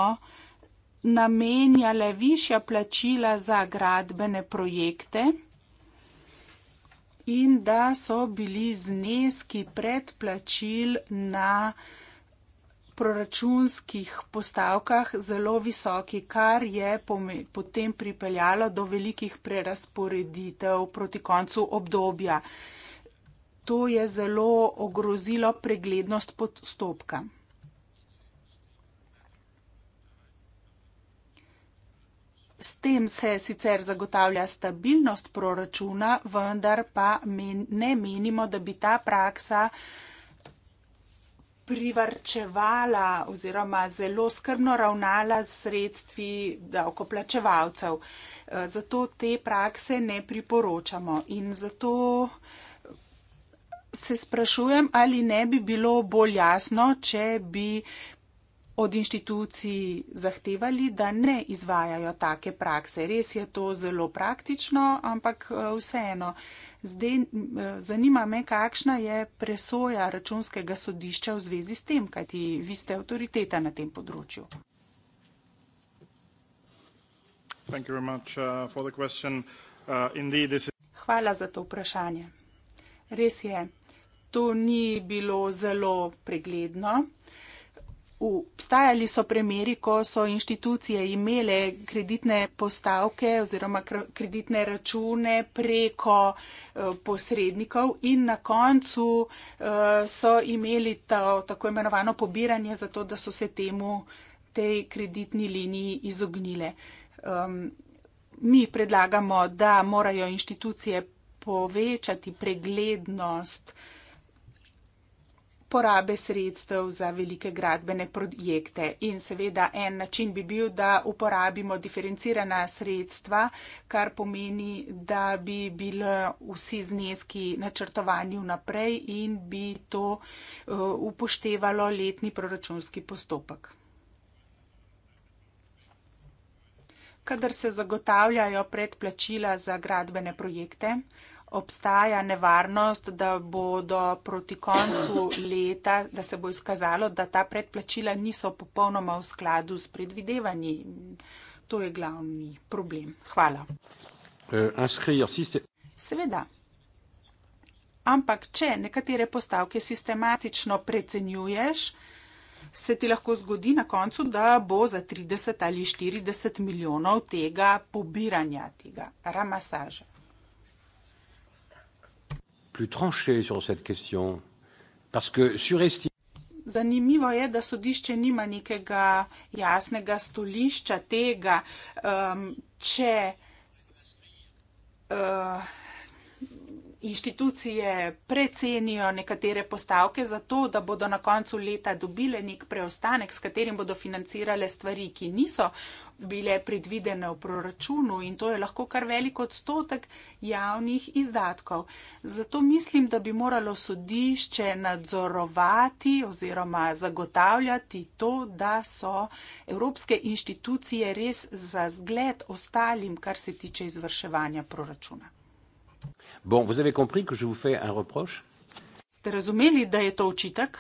namenjale višja plačila za gradbene projekte in da so bili zneski predplačil na proračunskih postavkah zelo visoki, kar je potem pripeljalo do velikih prerasporeditev proti koncu obdobja. To je zelo ogrozilo preglednost postopka. S tem se sicer zagotavlja stabilnost proračuna, vendar pa men, ne menimo, da bi ta praksa privrčevala oziroma zelo skrbno ravnala z sredstvi davkoplačevalcev. E, zato te prakse ne priporočamo in zato se sprašujem, ali ne bi bilo bolj jasno, če bi od inštitucij zahtevali, da ne izvajajo take prakse. Res je to zelo praktično, ampak eh, vseeno. Zdaj, eh, zanima me, kakšna je presoja računskega sodišča v zvezi s tem, kajti vi ste avtoriteta na tem področju. Uh, uh, Hvala za to vprašanje. Res je, to ni bilo zelo pregledno. Obstajali so primeri, ko so inštitucije imele kreditne postavke oziroma kreditne račune preko eh, posrednikov in na koncu eh, so imeli to, tako imenovano pobiranje, zato da so se temu tej kreditni liniji izognile. Mi predlagamo, da morajo inštitucije povečati preglednost porabe sredstev za velike gradbene projekte. In seveda en način bi bil, da uporabimo diferencirana sredstva, kar pomeni, da bi bili vsi zneski načrtovani vnaprej in bi to eh, upoštevalo letni proračunski postopek. Kadar se zagotavljajo predplačila za gradbene projekte, obstaja nevarnost, da bodo proti koncu leta, da se bo izkazalo, da ta predplačila niso popolnoma v skladu s predvidevanji. To je glavni problem. Hvala. Eh, Seveda. Ampak, če nekatere postavke sistematično precenjuješ, se ti lahko zgodi na koncu, da bo za 30 ali 40 milijonov tega pobiranja, tega ramasaža plus tranché sur cette question. Parce que surestimer. Zanimivo je, da sodišče nima nekega jasnega stolišča tega, um, če uh, inštitucije precenijo nekatere postavke za to, da bodo na koncu leta dobile nek preostanek, s katerim bodo financirale stvari, ki niso bile predvidene v proračunu in to je lahko kar velik odstotek javnih izdatkov. Zato mislim, da bi moralo sodišče nadzorovati oziroma zagotavljati to, da so evropske inštitucije res za zgled ostalim, kar se tiče izvrševanja proračuna. Bon, vous avez compris que je vous fais un reproche Ste razumeli, da je to učitek?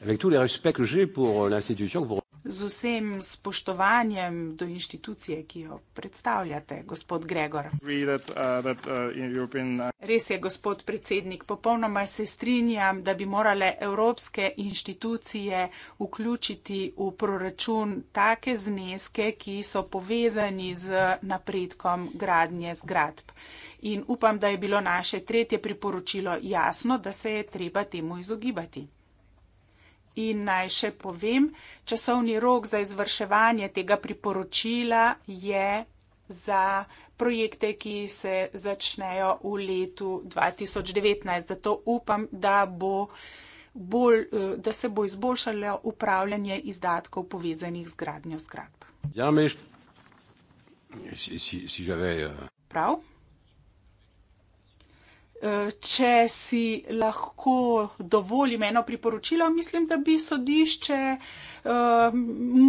Avec tous les respects que j'ai pour l'institution que vous z vsem spoštovanjem do inštitucije, ki jo predstavljate, gospod Gregor. Uh, uh, uh, Res je, gospod predsednik, popolnoma se strinjam, da bi morale evropske inštitucije vključiti v proračun take zneske, ki so povezani z napredkom gradnje zgradb. In upam, da je bilo naše tretje priporočilo jasno, da se je treba temu izogibati. In naj še povem, časovni rok za izvrševanje tega priporočila je za projekte, ki se začnejo v letu 2019. Zato upam, da, bo bolj, da se bo izboljšalo upravljanje izdatkov povezanih z gradnjo zgradb. Ja, meš, si, si, si že ve. Eh? Prav? če si lahko dovolim eno priporočilo, mislim, da bi sodišče eh,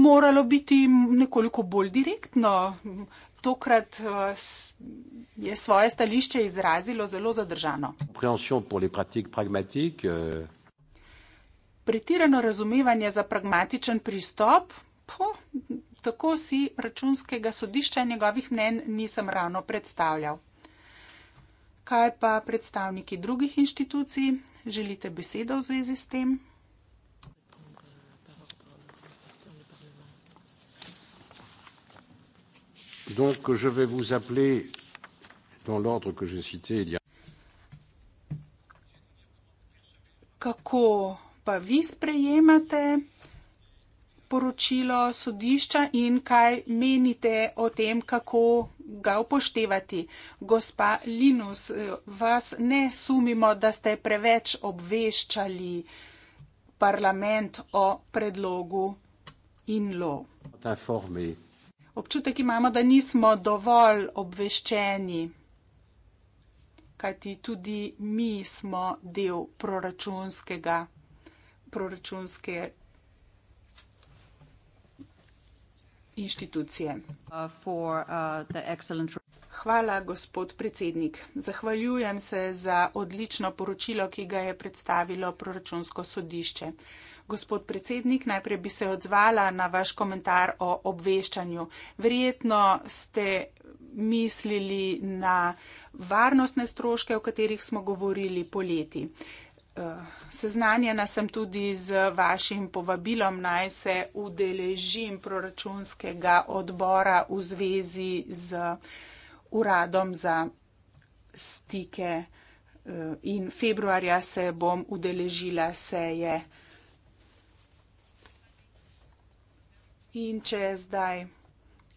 moralo biti nekoliko bolj direktno. Tokrat eh, je svoje stališče izrazilo zelo zadržano. Euh. Pretirano razumevanje za pragmatičen pristop, po, tako si računskega sodišča in njegovih mnen nisem ravno predstavljal. Kaj pa predstavniki drugih inštitucij? Želite besedo v zvezi s tem? Kako pa vi sprejemate poročilo sodišča in kaj menite o tem, kako ga upoštevati. Gospa Linus, eh, vas ne sumimo, da ste preveč obveščali parlament o predlogu in lo. Občutek imamo, da nismo dovolj obveščeni, kajti tudi mi smo del proračunskega, proračunske inštitucije. Uh, uh, Hvala, gospod predsednik. Zahvaljujem se za odlično poročilo, ki ga je predstavilo proračunsko sodišče. Gospod predsednik, najprej bi se odzvala na vaš komentar o obveščanju. Verjetno ste mislili na varnostne stroške, o katerih smo govorili poleti. Eh, seznanjena sem tudi z vašim povabilom naj se udeležim proračunskega odbora v zvezi z uradom za stike eh, in februarja se bom udeležila seje. In če zdaj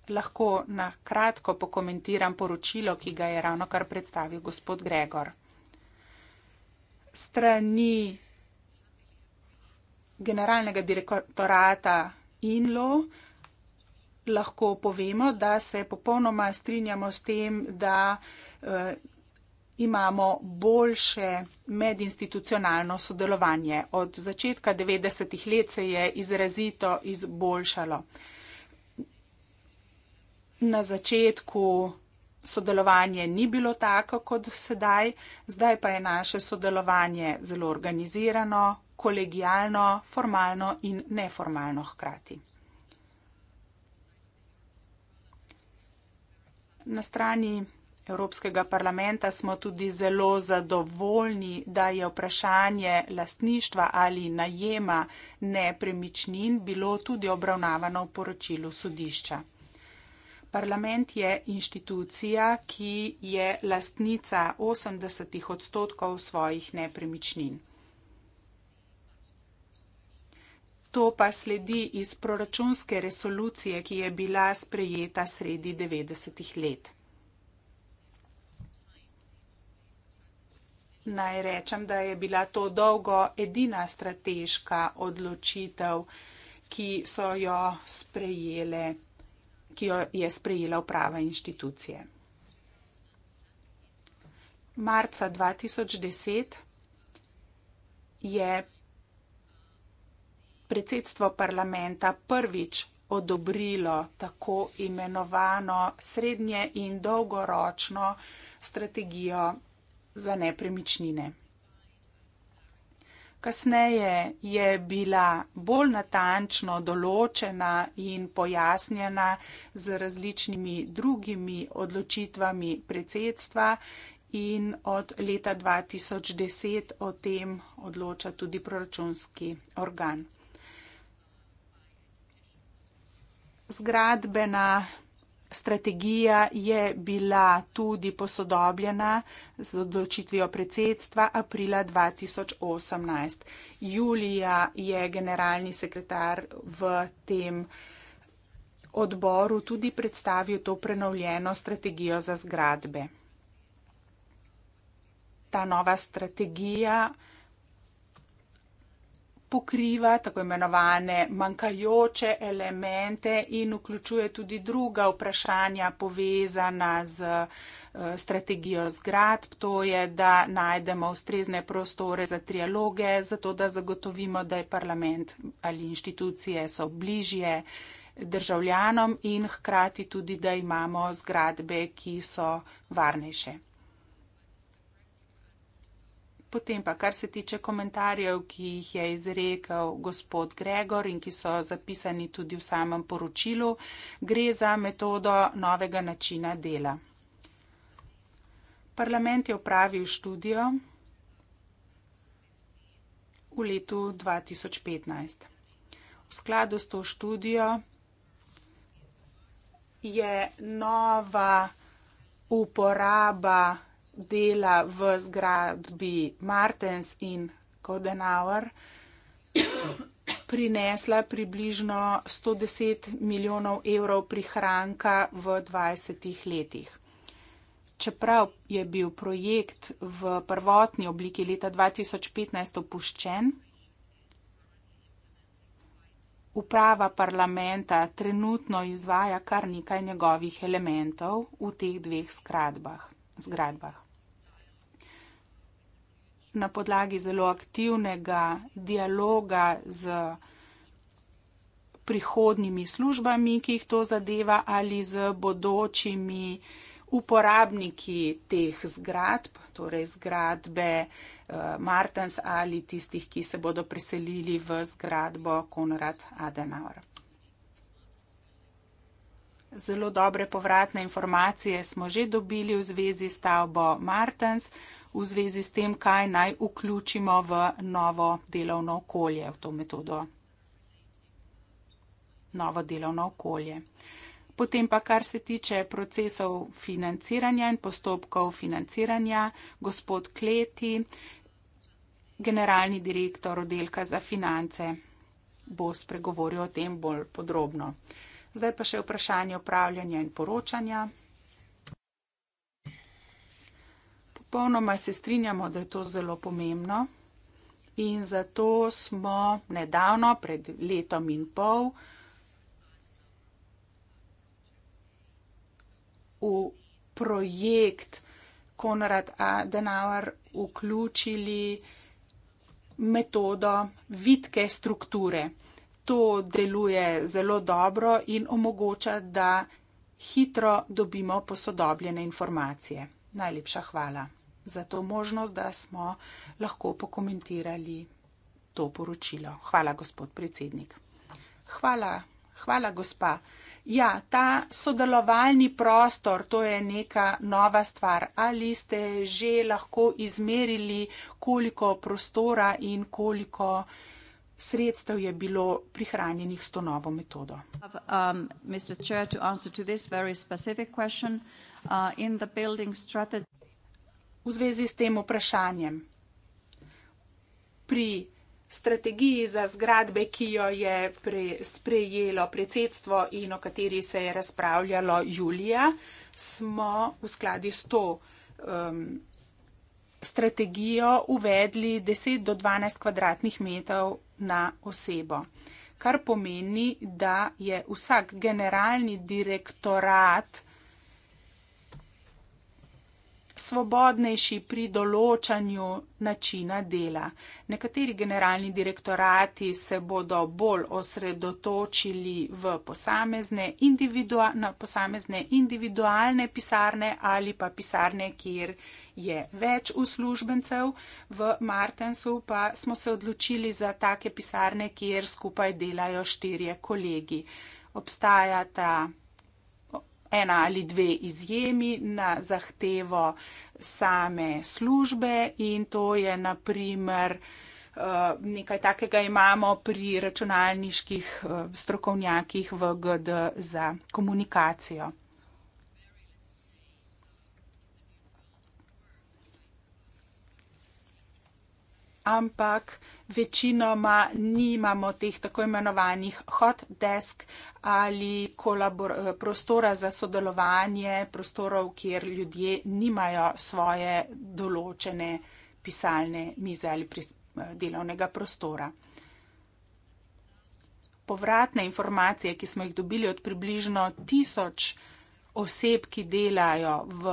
lahko na kratko pokomentiram poročilo, ki ga je ravno kar predstavil gospod Gregor strani generalnega direktorata INLO lahko povemo, da se popolnoma strinjamo s tem, da eh, imamo boljše medinstitucionalno sodelovanje. Od začetka 90-ih let se je izrazito izboljšalo. Na začetku 90-ih let sodelovanje ni bilo tako kot sedaj, zdaj pa je naše sodelovanje zelo organizirano, kolegijalno, formalno in neformalno hkrati. Na strani Evropskega parlamenta smo tudi zelo zadovoljni, da je vprašanje lastništva ali najema nepremičnin bilo tudi obravnavano v poročilu sodišča. Parlament je inštitucija, ki je lastnica 80 odstotkov svojih nepremičnin. To pa sledi iz proračunske resolucije, ki je bila sprejeta sredi 90 let. Naj rečem, da je bila to dolgo edina strateška odločitev, ki so jo sprejele ki jo je sprejela uprava inštitucije. Marca 2010 je predsedstvo parlamenta prvič odobrilo tako imenovano srednje in dolgoročno strategijo za nepremičnine. Kasneje je bila bolj natančno določena in pojasnjena z različnimi drugimi odločitvami predsedstva in od leta 2010 o tem odloča tudi proračunski organ. Zgradbena Strategija je bila tudi posodobljena z odločitvijo predsedstva aprila 2018. Julija je generalni sekretar v tem odboru tudi predstavil to prenovljeno strategijo za zgradbe. Ta nova strategija pokriva tako imenovane manjkajoče elemente in vključuje tudi druga vprašanja povezana z eh, strategijo zgradb, to je, da najdemo ustrezne prostore za trialoge, zato da zagotovimo, da je parlament ali inštitucije so bližje državljanom in hkrati tudi, da imamo zgradbe, ki so varnejše. Potem pa, kar se tiče komentarjev, ki jih je izrekel gospod Gregor in ki so zapisani tudi v samem poročilu, gre za metodo novega načina dela. Parlament je upravil študijo v letu 2015. V skladu s to študijo je nova uporaba dela v zgradbi Martens in Kodenauer prinesla približno 110 milijonov evrov prihranka v 20 letih. Čeprav je bil projekt v prvotni obliki leta 2015 opuščen, uprava parlamenta trenutno izvaja kar nekaj njegovih elementov v teh dveh zgradbah. zgradbah na podlagi zelo aktivnega dialoga z prihodnimi službami, ki jih to zadeva, ali z bodočimi uporabniki teh zgradb, torej zgradbe eh, Martens ali tistih, ki se bodo preselili v zgradbo Konrad Adenauer. Zelo dobre povratne informacije smo že dobili v zvezi s stavbo Martens v zvezi s tem, kaj naj vključimo v novo delovno okolje, v to metodo. Novo delovno okolje. Potem pa, kar se tiče procesov financiranja in postopkov financiranja, gospod Kleti, generalni direktor oddelka za finance, bo spregovoril o tem bolj podrobno. Zdaj pa še vprašanje upravljanja in poročanja. popolnoma se strinjamo, da je to zelo pomembno. In zato smo nedavno, pred letom in pol, v projekt Konrad Adenauer vključili metodo vitke strukture. To deluje zelo dobro in omogoča, da hitro dobimo posodobljene informacije. Najlepša hvala za to možnost, da smo lahko pokomentirali to poročilo. Hvala, gospod predsednik. Hvala, hvala, gospa. Ja, ta sodelovalni prostor, to je neka nova stvar. Ali ste že lahko izmerili, koliko prostora in koliko sredstev je bilo prihranjenih s to novo metodo? Um, Chair, to to question, uh, v zvezi s tem vprašanjem. Pri strategiji za zgradbe, ki jo je pre, sprejelo predsedstvo in o kateri se je razpravljalo julija, smo v skladi s to um, strategijo uvedli 10 do 12 kvadratnih metrov na osebo, kar pomeni, da je vsak generalni direktorat svobodnejši pri določanju načina dela. Nekateri generalni direktorati se bodo bolj osredotočili v posamezne na posamezne individualne pisarne ali pa pisarne, kjer je več uslužbencev. V Martensu pa smo se odločili za take pisarne, kjer skupaj delajo štirje kolegi. Obstajata ena ali dve izjemi na zahtevo same službe in to je naprimer eh, nekaj takega imamo pri računalniških eh, strokovnjakih v GD za komunikacijo. Ampak večinoma nimamo teh tako imenovanih hot desk ali kolabor, prostora za sodelovanje, prostorov, kjer ljudje nimajo svoje določene pisalne mize ali pris, delovnega prostora. Povratne informacije, ki smo jih dobili od približno tisoč oseb, ki delajo v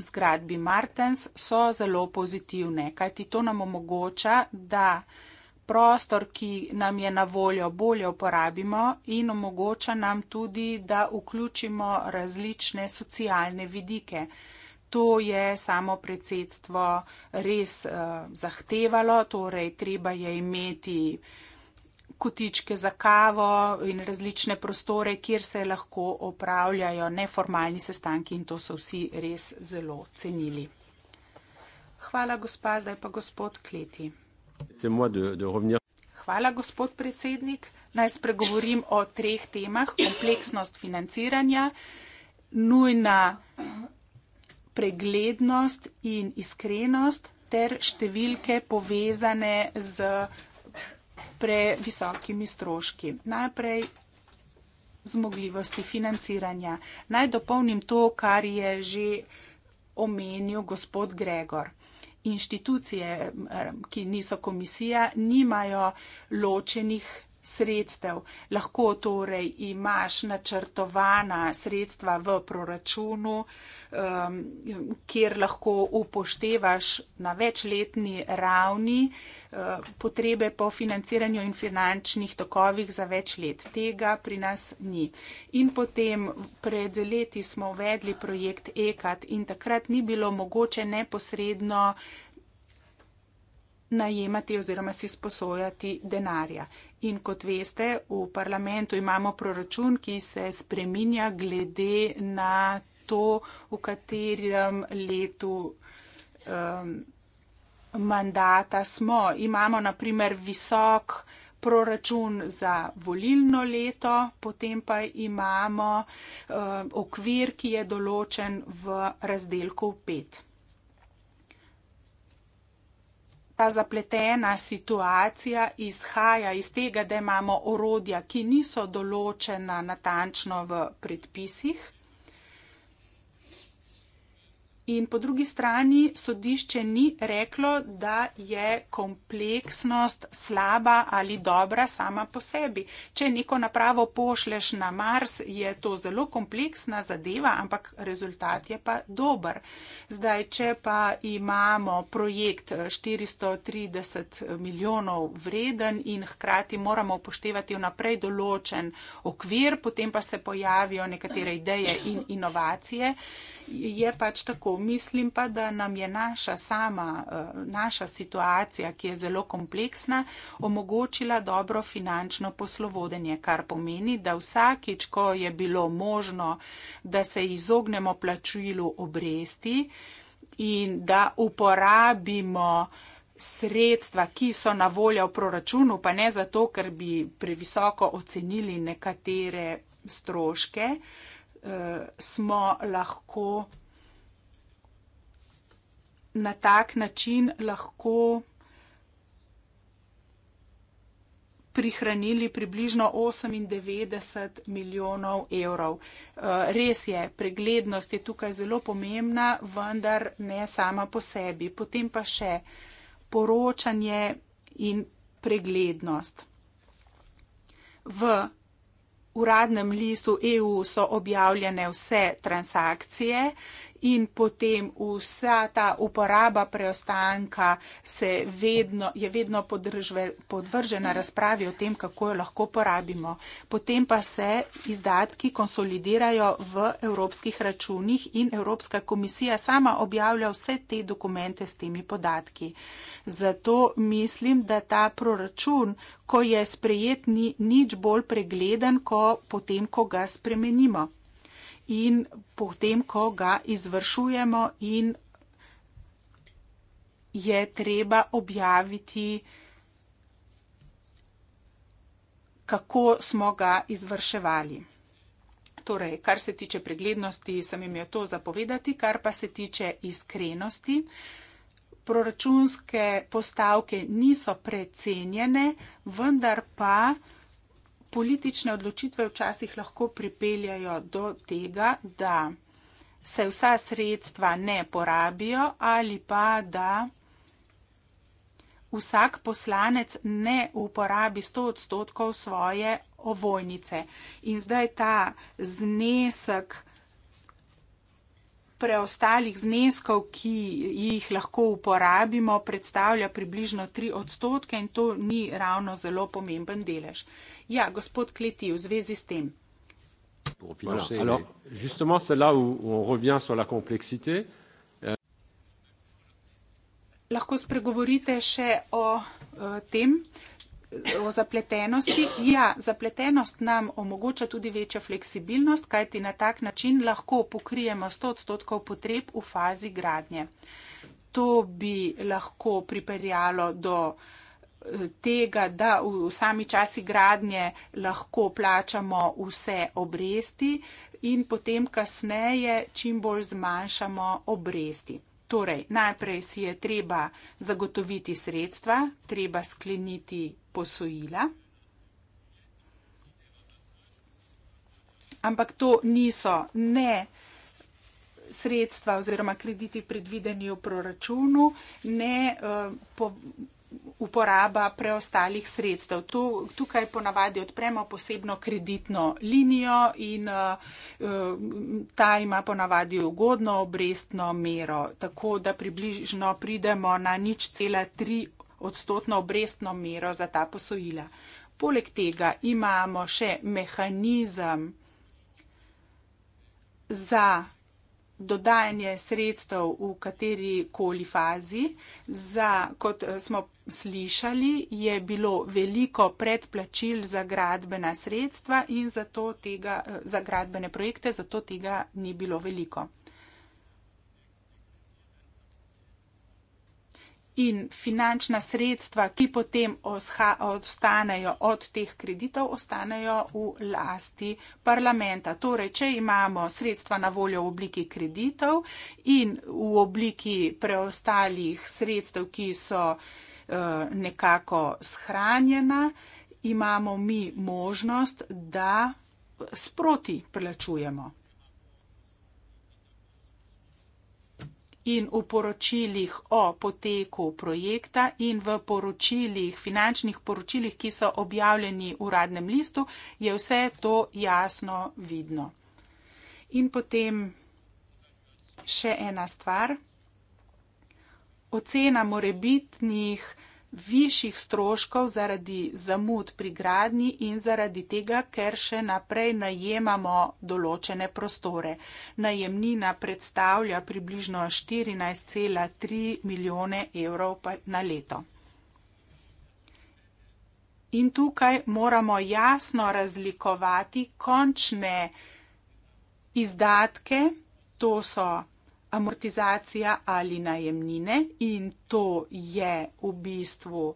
zgradbi Martens so zelo pozitivne, kajti to nam omogoča, da prostor, ki nam je na voljo, bolje uporabimo in omogoča nam tudi, da vključimo različne socialne vidike. To je samo predsedstvo res uh, zahtevalo, torej treba je imeti uh, kotičke za kavo in različne prostore, kjer se lahko opravljajo neformalni sestanki in to so vsi res zelo cenili. Hvala, gospa, zdaj pa gospod Kleti. Hvala, gospod predsednik. Naj spregovorim o treh temah. Kompleksnost financiranja, nujna preglednost in iskrenost ter številke povezane z previsokimi stroški. Najprej zmogljivosti financiranja. Naj dopolnim to, kar je že omenil gospod Gregor. Inštitucije, eh, ki niso komisija, nimajo ločenih sredstev. Lahko torej imaš načrtovana sredstva v proračunu, um, kjer lahko upoštevaš na večletni ravni uh, potrebe po financiranju in finančnih tokovih za več let. Tega pri nas ni. In potem pred leti smo uvedli projekt EKAT in takrat ni bilo mogoče neposredno najemati oziroma si sposojati denarja. In kot veste, v parlamentu imamo proračun, ki se spreminja glede na to, v katerem letu um, mandata smo. Imamo naprimer visok proračun za volilno leto, potem pa imamo um, okvir, ki je določen v razdelku 5. ta zapletena situacija izhaja iz tega, da imamo orodja, ki niso določena natančno v predpisih, In po drugi strani sodišče ni reklo, da je kompleksnost slaba ali dobra sama po sebi. Če neko napravo pošleš na Mars, je to zelo kompleksna zadeva, ampak rezultat je pa dober. Zdaj, če pa imamo projekt 430 eh, milijonov vreden in hkrati moramo upoštevati vnaprej določen okvir, potem pa se pojavijo nekatere ideje in inovacije je pač tako. Mislim pa, da nam je naša sama, eh, naša situacija, ki je zelo kompleksna, omogočila dobro finančno poslovodenje, kar pomeni, da vsakič, ko je bilo možno, da se izognemo plačilu obresti in da uporabimo sredstva, ki so na voljo v proračunu, pa ne zato, ker bi previsoko ocenili nekatere stroške, uh, smo lahko na tak način lahko prihranili približno 98 milijonov evrov. Eh, res je, preglednost je tukaj zelo pomembna, vendar ne sama po sebi. Potem pa še poročanje in preglednost. V uradnem listu EU so objavljene vse transakcije, in potem vsa ta uporaba preostanka se vedno, je vedno podvržena razpravi o tem, kako jo lahko porabimo. Potem pa se izdatki konsolidirajo v evropskih računih in Evropska komisija sama objavlja vse te dokumente s temi podatki. Zato mislim, da ta proračun, ko je sprejet, ni nič bolj pregleden, ko potem, ko ga spremenimo in potem, ko ga izvršujemo in je treba objaviti, kako smo ga izvrševali. Torej, kar se tiče preglednosti, sem imel to zapovedati, kar pa se tiče iskrenosti. Proračunske postavke niso precenjene, vendar pa politične odločitve včasih lahko pripeljajo do tega, da se vsa sredstva ne porabijo ali pa da vsak poslanec ne uporabi 100 odstotkov svoje ovojnice. In zdaj ta znesek preostalih zneskov, ki jih lahko uporabimo, predstavlja približno 3 odstotke in to ni ravno zelo pomemben delež. Ja, gospod Kleti, v zvezi s tem. Euh lahko spregovorite še o eh, tem, o zapletenosti. Ja, zapletenost nam omogoča tudi večjo fleksibilnost, kajti na tak način lahko pokrijemo 100 odstotkov potreb v fazi gradnje. To bi lahko pripeljalo do eh, tega, da v sami časi gradnje lahko plačamo vse obresti in potem kasneje čim bolj zmanjšamo obresti. Torej, najprej si je treba zagotoviti sredstva, treba skleniti posojila. Ampak to niso ne sredstva oziroma krediti predvideni v proračunu, ne uh, po, uporaba preostalih sredstev. To, tukaj ponavadi odpremo posebno kreditno linijo in uh, ta ima ponavadi ugodno obrestno mero, tako da približno pridemo na nič cela tri odstotno obrestno mero za ta posojila. Poleg tega imamo še mehanizem za dodajanje sredstev v kateri koli fazi. Za, kot eh, smo slišali, je bilo veliko predplačil za gradbena sredstva in zato tega, eh, za gradbene projekte, zato tega ni bilo veliko. in finančna sredstva, ki potem ostanejo od teh kreditov, ostanejo v lasti parlamenta. Torej, če imamo sredstva na voljo v obliki kreditov in v obliki preostalih sredstev, ki so eh, nekako shranjena, imamo mi možnost, da sproti plačujemo. in v poročilih o poteku projekta in v poročilih, finančnih poročilih, ki so objavljeni v uradnem listu, je vse to jasno vidno. In potem še ena stvar. Ocena morebitnih višjih stroškov zaradi zamud pri gradnji in zaradi tega, ker še naprej najemamo določene prostore. Najemnina predstavlja približno 14,3 milijone evrov na leto. In tukaj moramo jasno razlikovati končne izdatke, to so amortizacija ali najemnine in to je v bistvu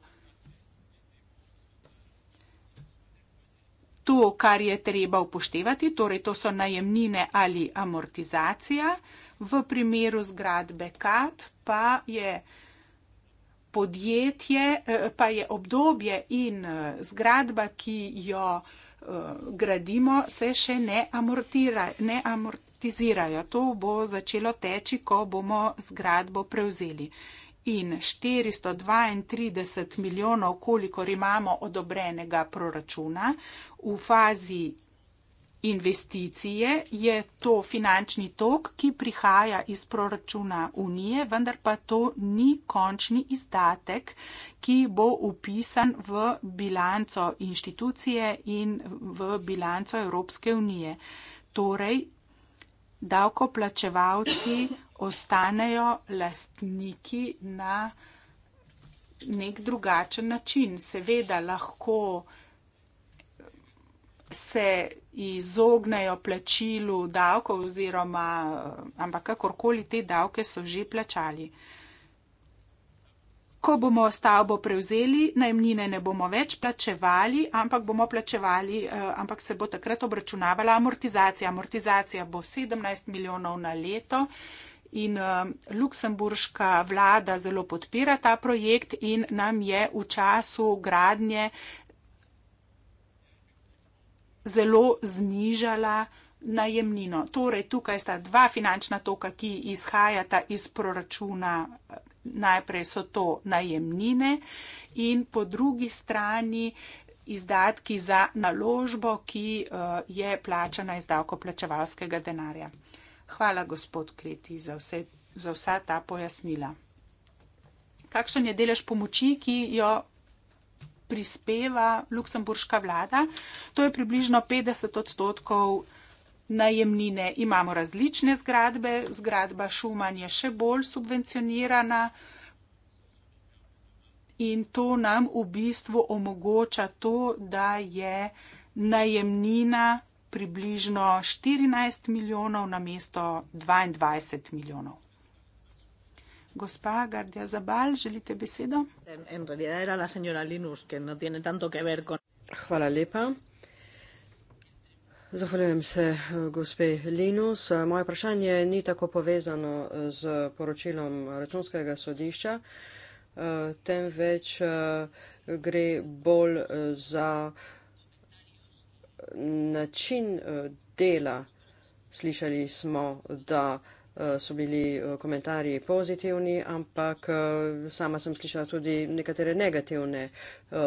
to, kar je treba upoštevati, torej to so najemnine ali amortizacija. V primeru zgradbe KAT pa je podjetje, eh, pa je obdobje in eh, zgradba, ki jo eh, gradimo, se še ne, amortira, ne amortizirajo. To bo začelo teči, ko bomo zgradbo prevzeli. In 432 milijonov, kolikor imamo odobrenega proračuna, v fazi investicije je to finančni tok, ki prihaja iz proračuna Unije, vendar pa to ni končni izdatek, ki bo upisan v bilanco inštitucije in v bilanco Evropske unije. Torej, davkoplačevalci ostanejo lastniki na nek drugačen način. Seveda lahko se izognejo plačilu davkov oziroma, ampak kakorkoli te davke so že plačali. Ko bomo stavbo prevzeli, najemnine ne bomo več plačevali, ampak bomo plačevali, eh, ampak se bo takrat obračunavala amortizacija. Amortizacija bo 17 milijonov na leto in eh, luksemburška vlada zelo podpira ta projekt in nam je v času gradnje zelo znižala najemnino. Torej, tukaj sta dva finančna toka, ki izhajata iz proračuna. Eh, najprej so to najemnine in po drugi strani izdatki za naložbo, ki eh, je plačana iz davkoplačevalskega denarja. Hvala, gospod Kreti, za, vse, za vsa ta pojasnila. Kakšen je delež pomoči, ki jo prispeva luksemburška vlada, to je približno 50 odstotkov najemnine. Imamo različne zgradbe, zgradba Šuman je še bolj subvencionirana in to nam v bistvu omogoča to, da je najemnina približno 14 milijonov na mesto 22 milijonov. Gospa Gardia Zabal, želite besedo? No Hvala lepa. Zahvaljujem se eh, gospe Linus. Eh, moje vprašanje ni tako povezano eh, z poročilom računskega sodišča, temveč gre bolj za način dela. Slišali smo, da Eh, so bili eh, komentarji pozitivni, ampak eh, sama sem slišala tudi nekatere negativne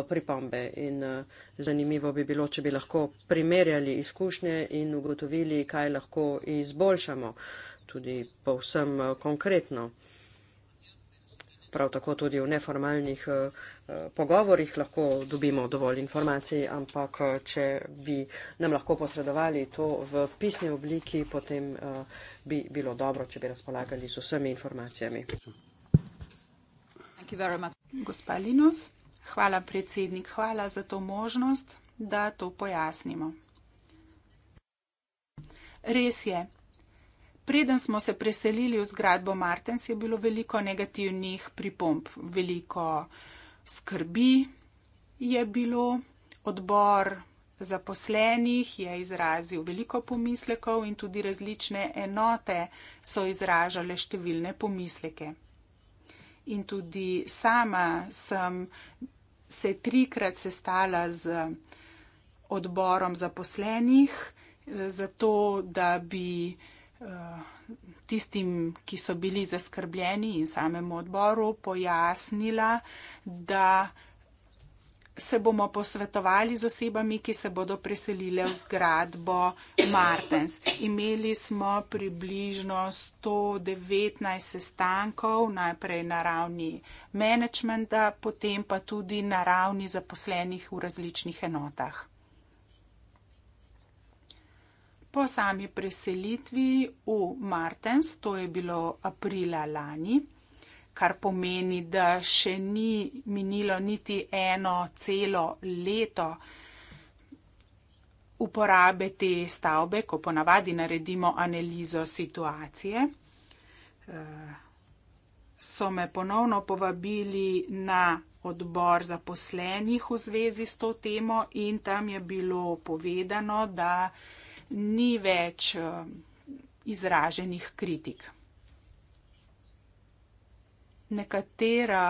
pripombe in zanimivo bi bilo, če bi lahko primerjali izkušnje in ugotovili, kaj lahko izboljšamo, tudi povsem konkretno, prav tako tudi v neformalnih Eh, pogovorih lahko dobimo dovolj informacij, ampak eh, če bi nam lahko posredovali to v pisni obliki, potem eh, bi bilo dobro, če bi razpolagali z vsemi informacijami. Gospa Linus, hvala predsednik, hvala za to možnost, da to pojasnimo. Res je. Preden smo se preselili v zgradbo Martens, je bilo veliko negativnih pripomb, veliko uh, skrbi je bilo, odbor zaposlenih je izrazil veliko pomislekov in tudi različne enote so izražale številne pomisleke. In tudi sama sem se trikrat sestala z odborom zaposlenih, eh, zato da bi uh, tistim, ki so bili zaskrbljeni in samemu odboru pojasnila, da se bomo posvetovali z osebami, ki se bodo preselile v zgradbo Martens. Imeli smo približno 119 sestankov, najprej na ravni menedžmenta, potem pa tudi na ravni zaposlenih v različnih enotah. Po sami preselitvi v Martens, to je bilo aprila lani, kar pomeni, da še ni minilo niti eno celo leto uporabe te stavbe, ko ponavadi naredimo analizo situacije, eh, so me ponovno povabili na odbor zaposlenih v zvezi s to temo in tam je bilo povedano, da ni več eh, izraženih kritik. Nekatera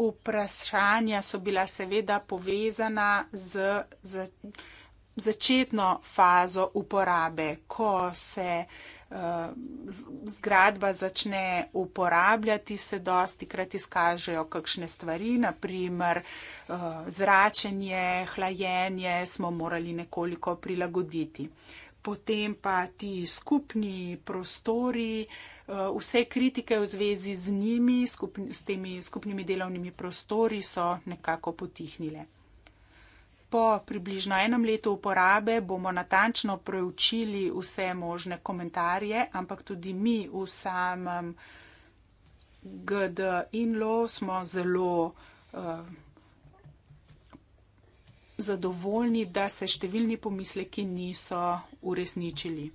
vprašanja so bila seveda povezana z začetno fazo uporabe, ko se je zgradba začne uporabljati, se dosti krat izkažejo kakšne stvari, naprimer eh, zračenje, hlajenje smo morali nekoliko prilagoditi. Potem pa ti skupni prostori, eh, vse kritike v zvezi z njimi, skupni, s temi skupnimi delovnimi prostori so nekako potihnile po približno enem letu uporabe bomo natančno preučili vse možne komentarje, ampak tudi mi v samem GD Inlo smo zelo uh, zadovoljni, da se številni pomisleki niso uresničili.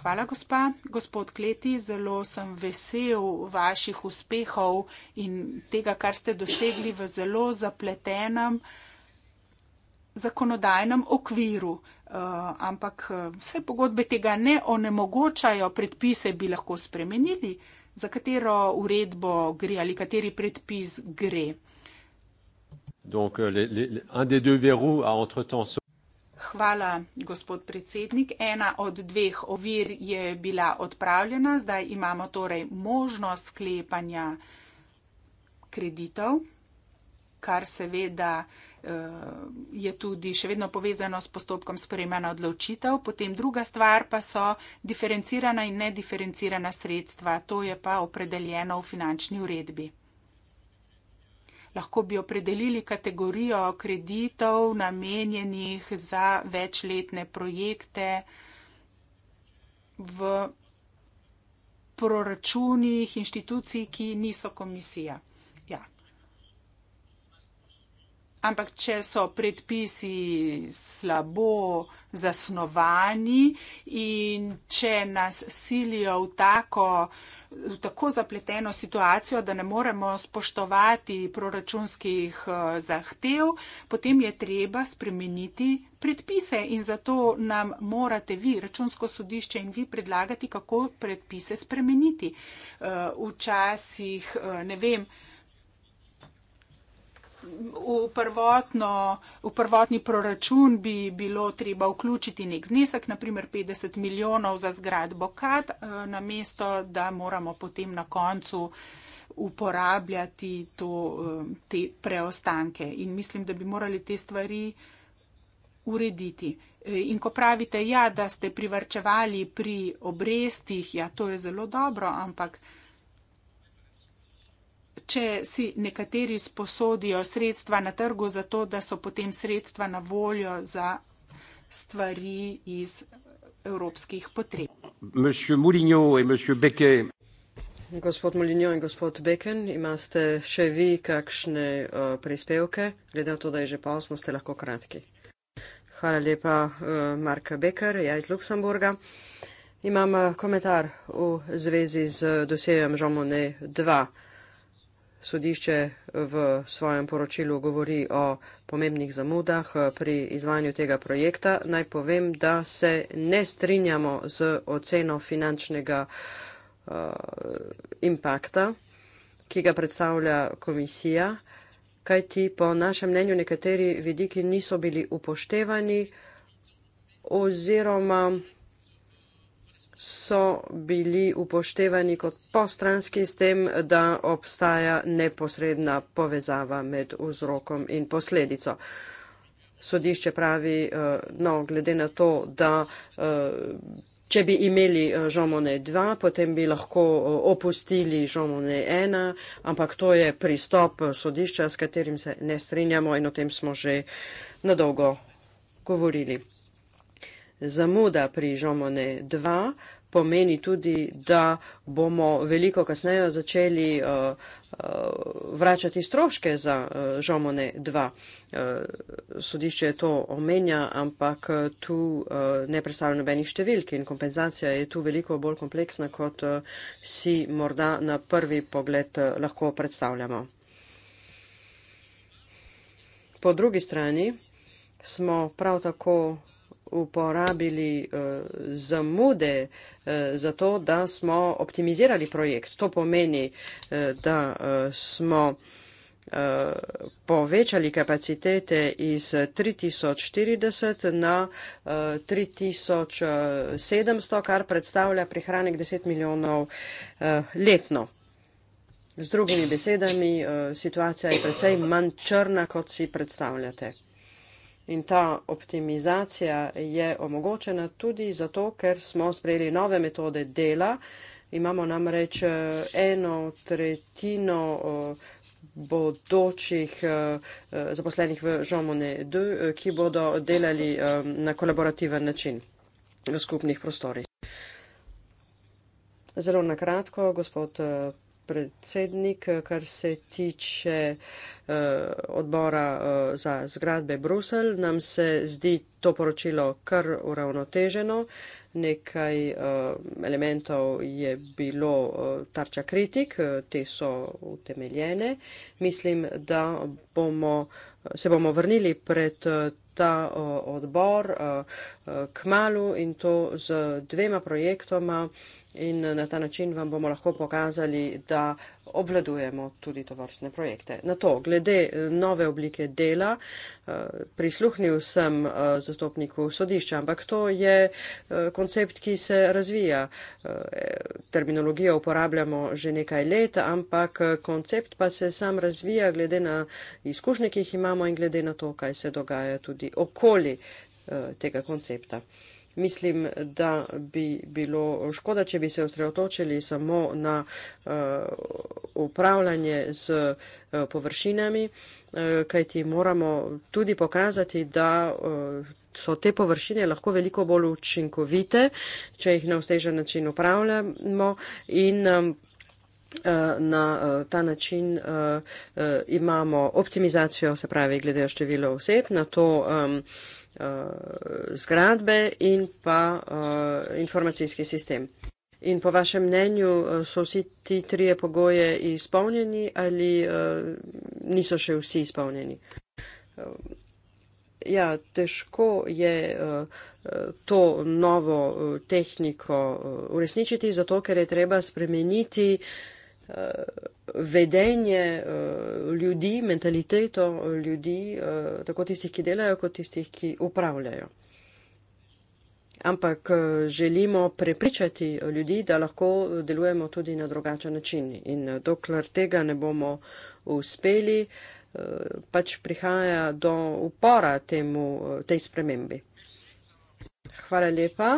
Hvala, gospa, gospod Kleti, zelo sem vesel vaših uspehov in tega, kar ste dosegli v zelo zapletenem zakonodajnem okviru. Eh, ampak eh, vse pogodbe tega ne onemogočajo, predpise bi lahko spremenili, za katero uredbo gre ali kateri predpis gre. Euh, Hvala, gospod predsednik. Ena od dveh ovir je bila odpravljena, zdaj imamo torej možnost sklepanja kreditov, kar seveda Eh, je tudi še vedno povezano s postopkom sprejmena odločitev. Potem druga stvar pa so diferencirana in nediferencirana sredstva. To je pa opredeljeno v finančni uredbi. Lahko bi opredelili kategorijo kreditov namenjenih za večletne projekte v proračunih inštitucij, ki niso komisija. ampak če so predpisi slabo zasnovani in če nas silijo v tako, v tako zapleteno situacijo, da ne moremo spoštovati proračunskih eh, zahtev, potem je treba spremeniti predpise in zato nam morate vi, računsko sodišče in vi predlagati, kako predpise spremeniti. Eh, včasih, eh, ne vem, v, prvotno, v prvotni proračun bi bilo treba vključiti nek znesek, naprimer 50 milijonov za zgradbo kat, eh, na mesto, da moramo potem na koncu uporabljati to, eh, te preostanke. In mislim, da bi morali te stvari urediti. Eh, in ko pravite, ja, da ste privrčevali pri obrestih, ja, to je zelo dobro, ampak če si nekateri sposodijo sredstva na trgu, zato da so potem sredstva na voljo za stvari iz evropskih potreb. Gospod Molinjo in gospod Beken, imate še vi kakšne uh, prispevke? Glede na to, da je že pozno, ste lahko kratki. Hvala lepa, uh, eh, Mark Becker, ja iz Luksemburga. Imam uh, komentar v zvezi z dosejem Žomone 2 sodišče v svojem poročilu govori o pomembnih zamudah pri izvajanju tega projekta. Naj povem, da se ne strinjamo z oceno finančnega uh, impakta, ki ga predstavlja komisija, kajti po našem mnenju nekateri vidiki niso bili upoštevani oziroma so bili upoštevani kot postranski s tem, da obstaja neposredna povezava med vzrokom in posledico. Sodišče pravi, eh, no, glede na to, da eh, če bi imeli žomone eh, 2, potem bi lahko opustili žomone 1, ampak to je pristop sodišča, s katerim se ne strinjamo in o tem smo že nadolgo govorili zamuda pri Žomone 2 pomeni tudi, da bomo veliko kasneje začeli uh, uh, vračati stroške za Žomone uh, 2. Sodišče to omenja, ampak tu ne predstavlja nobenih številk in kompenzacija je tu veliko bolj kompleksna, kot si morda na prvi pogled lahko predstavljamo. Po drugi strani smo prav tako uporabili uh, zamude uh, za to, da smo optimizirali projekt. To pomeni, uh, da uh, smo povečali kapacitete iz 3040 na 3700, kar predstavlja prihranek 10 milijonov letno. Z drugimi besedami, situacija je precej manj črna, kot si predstavljate. In ta optimizacija je omogočena tudi zato, ker smo sprejeli nove metode dela. Imamo namreč eh, eno tretjino eh, bodočih eh, zaposlenih v Žomone 2, ki bodo delali na kolaborativen način v skupnih prostorih. Zelo nakratko, gospod predsednik, kar se tiče eh, odbora eh, za zgradbe Brusel. Nam se zdi to poročilo kar uravnoteženo. Nekaj eh, elementov je bilo eh, tarča kritik, eh, te so utemeljene. Mislim, da bomo, eh, se bomo vrnili pred eh, ta eh, odbor eh, k malu in to z dvema projektoma in eh, na ta način vam bomo lahko pokazali, da obvladujemo tudi to vrstne projekte. Na to, glede eh, nove oblike dela, eh, prisluhnil sem zastopniku sodišča, ampak to je koncept, ki se razvija. Terminologijo uporabljamo že nekaj let, ampak koncept pa se sam razvija glede na izkušnje, ki jih imamo in glede na to, kaj se dogaja tudi okoli tega koncepta. Mislim, da bi bilo škoda, če bi se osredotočili samo na uh, upravljanje z uh, površinami, uh, kajti moramo tudi pokazati, da. Uh, so te površine lahko veliko bolj učinkovite, če jih na ustežen način upravljamo in na ta način imamo optimizacijo, se pravi, glede število oseb, na to um, uh, zgradbe in pa uh, informacijski sistem. In po vašem mnenju eh, so vsi ti trije pogoje izpolnjeni ali uh, niso še vsi izpolnjeni? Uh, ja, težko je uh, to novo uh, tehniko uh, uresničiti, zato ker je treba spremeniti uh, Eh, vedenje eh, ljudi, mentaliteto eh, ljudi, tako tistih, ki delajo, kot tistih, ki upravljajo. Ampak želimo prepričati ljudi, da lahko delujemo tudi na drugačen način. In dokler tega ne bomo uspeli, pač prihaja do upora temu, tej spremembi. Hvala lepa.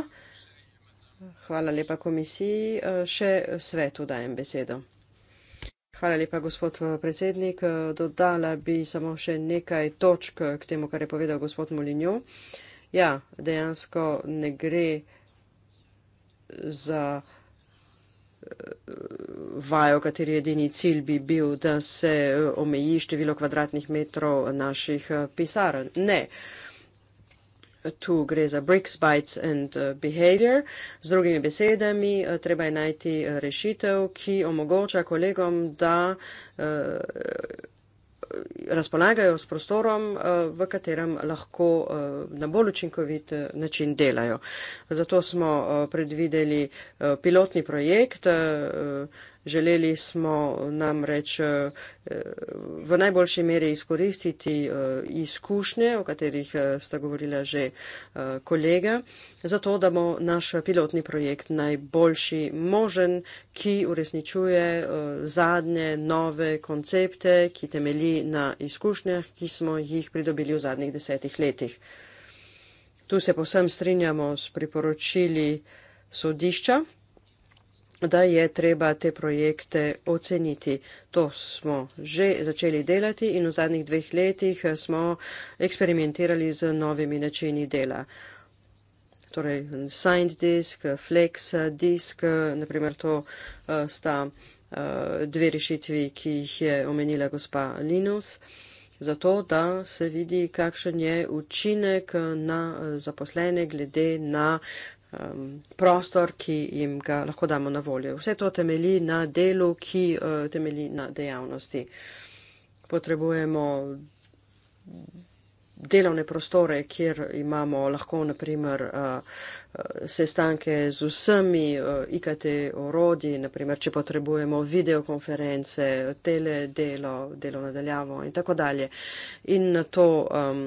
Hvala lepa komisiji. Še svetu dajem besedo. Hvala lepa, gospod eh, predsednik. Eh, dodala bi samo še nekaj točk k temu, kar je povedal gospod Molinjo. Ja, dejansko ne gre za eh, vajo, kateri edini cilj bi bil, da se omeji število kvadratnih metrov naših pisarn. Ne. Uh, tu gre za bricks, bites and uh, behavior. Z drugimi besedami, uh, treba je najti uh, rešitev, ki omogoča kolegom, da razpolagajo s prostorom, v katerem lahko na bolj učinkovit način delajo. Zato smo predvideli pilotni projekt Želeli smo namreč eh, v najboljši meri izkoristiti eh, izkušnje, o katerih eh, sta govorila že kolega, zato da bo naš pilotni projekt najboljši možen, ki uresničuje zadnje nove koncepte, ki temelji na izkušnjah, ki smo jih pridobili v zadnjih desetih letih. Tu se posem strinjamo s priporočili sodišča da je treba te projekte oceniti. To smo že začeli delati in v zadnjih dveh letih smo eksperimentirali z novimi načini dela. Torej, signed disk, flex disk, naprimer to eh, sta eh, dve rešitvi, ki jih je omenila gospa Linus, zato da se vidi, kakšen je učinek na eh, zaposlene glede na um, prostor, ki jim ga lahko damo na voljo. Vse to temelji na delu, ki uh, temelji na dejavnosti. Potrebujemo delovne prostore, kjer imamo lahko naprimer uh, eh, sestanke z vsemi eh, IKT orodji, naprimer, če potrebujemo videokonference, teledelo, delo nadaljavo in tako dalje. In na to um,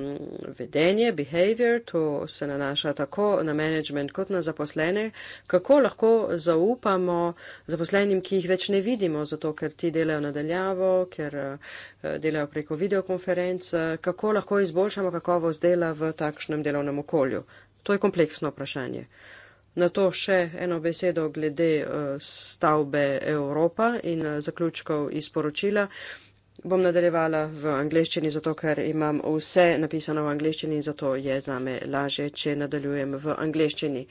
vedenje, behavior, to se nanaša tako na management kot na zaposlene, kako lahko zaupamo zaposlenim, ki jih več ne vidimo, zato ker ti delajo nadaljavo, ker uh, delajo preko videokonference, eh, kako lahko izboljšamo kakovost dela v takšnem delovnem okolju. To je kompleksno vprašanje. Na to še eno besedo glede eh, stavbe Evropa in eh, zaključkov iz poročila. Bom nadaljevala v angleščini, zato ker imam vse napisano v angleščini in zato je za me laže, če nadaljujem v angleščini.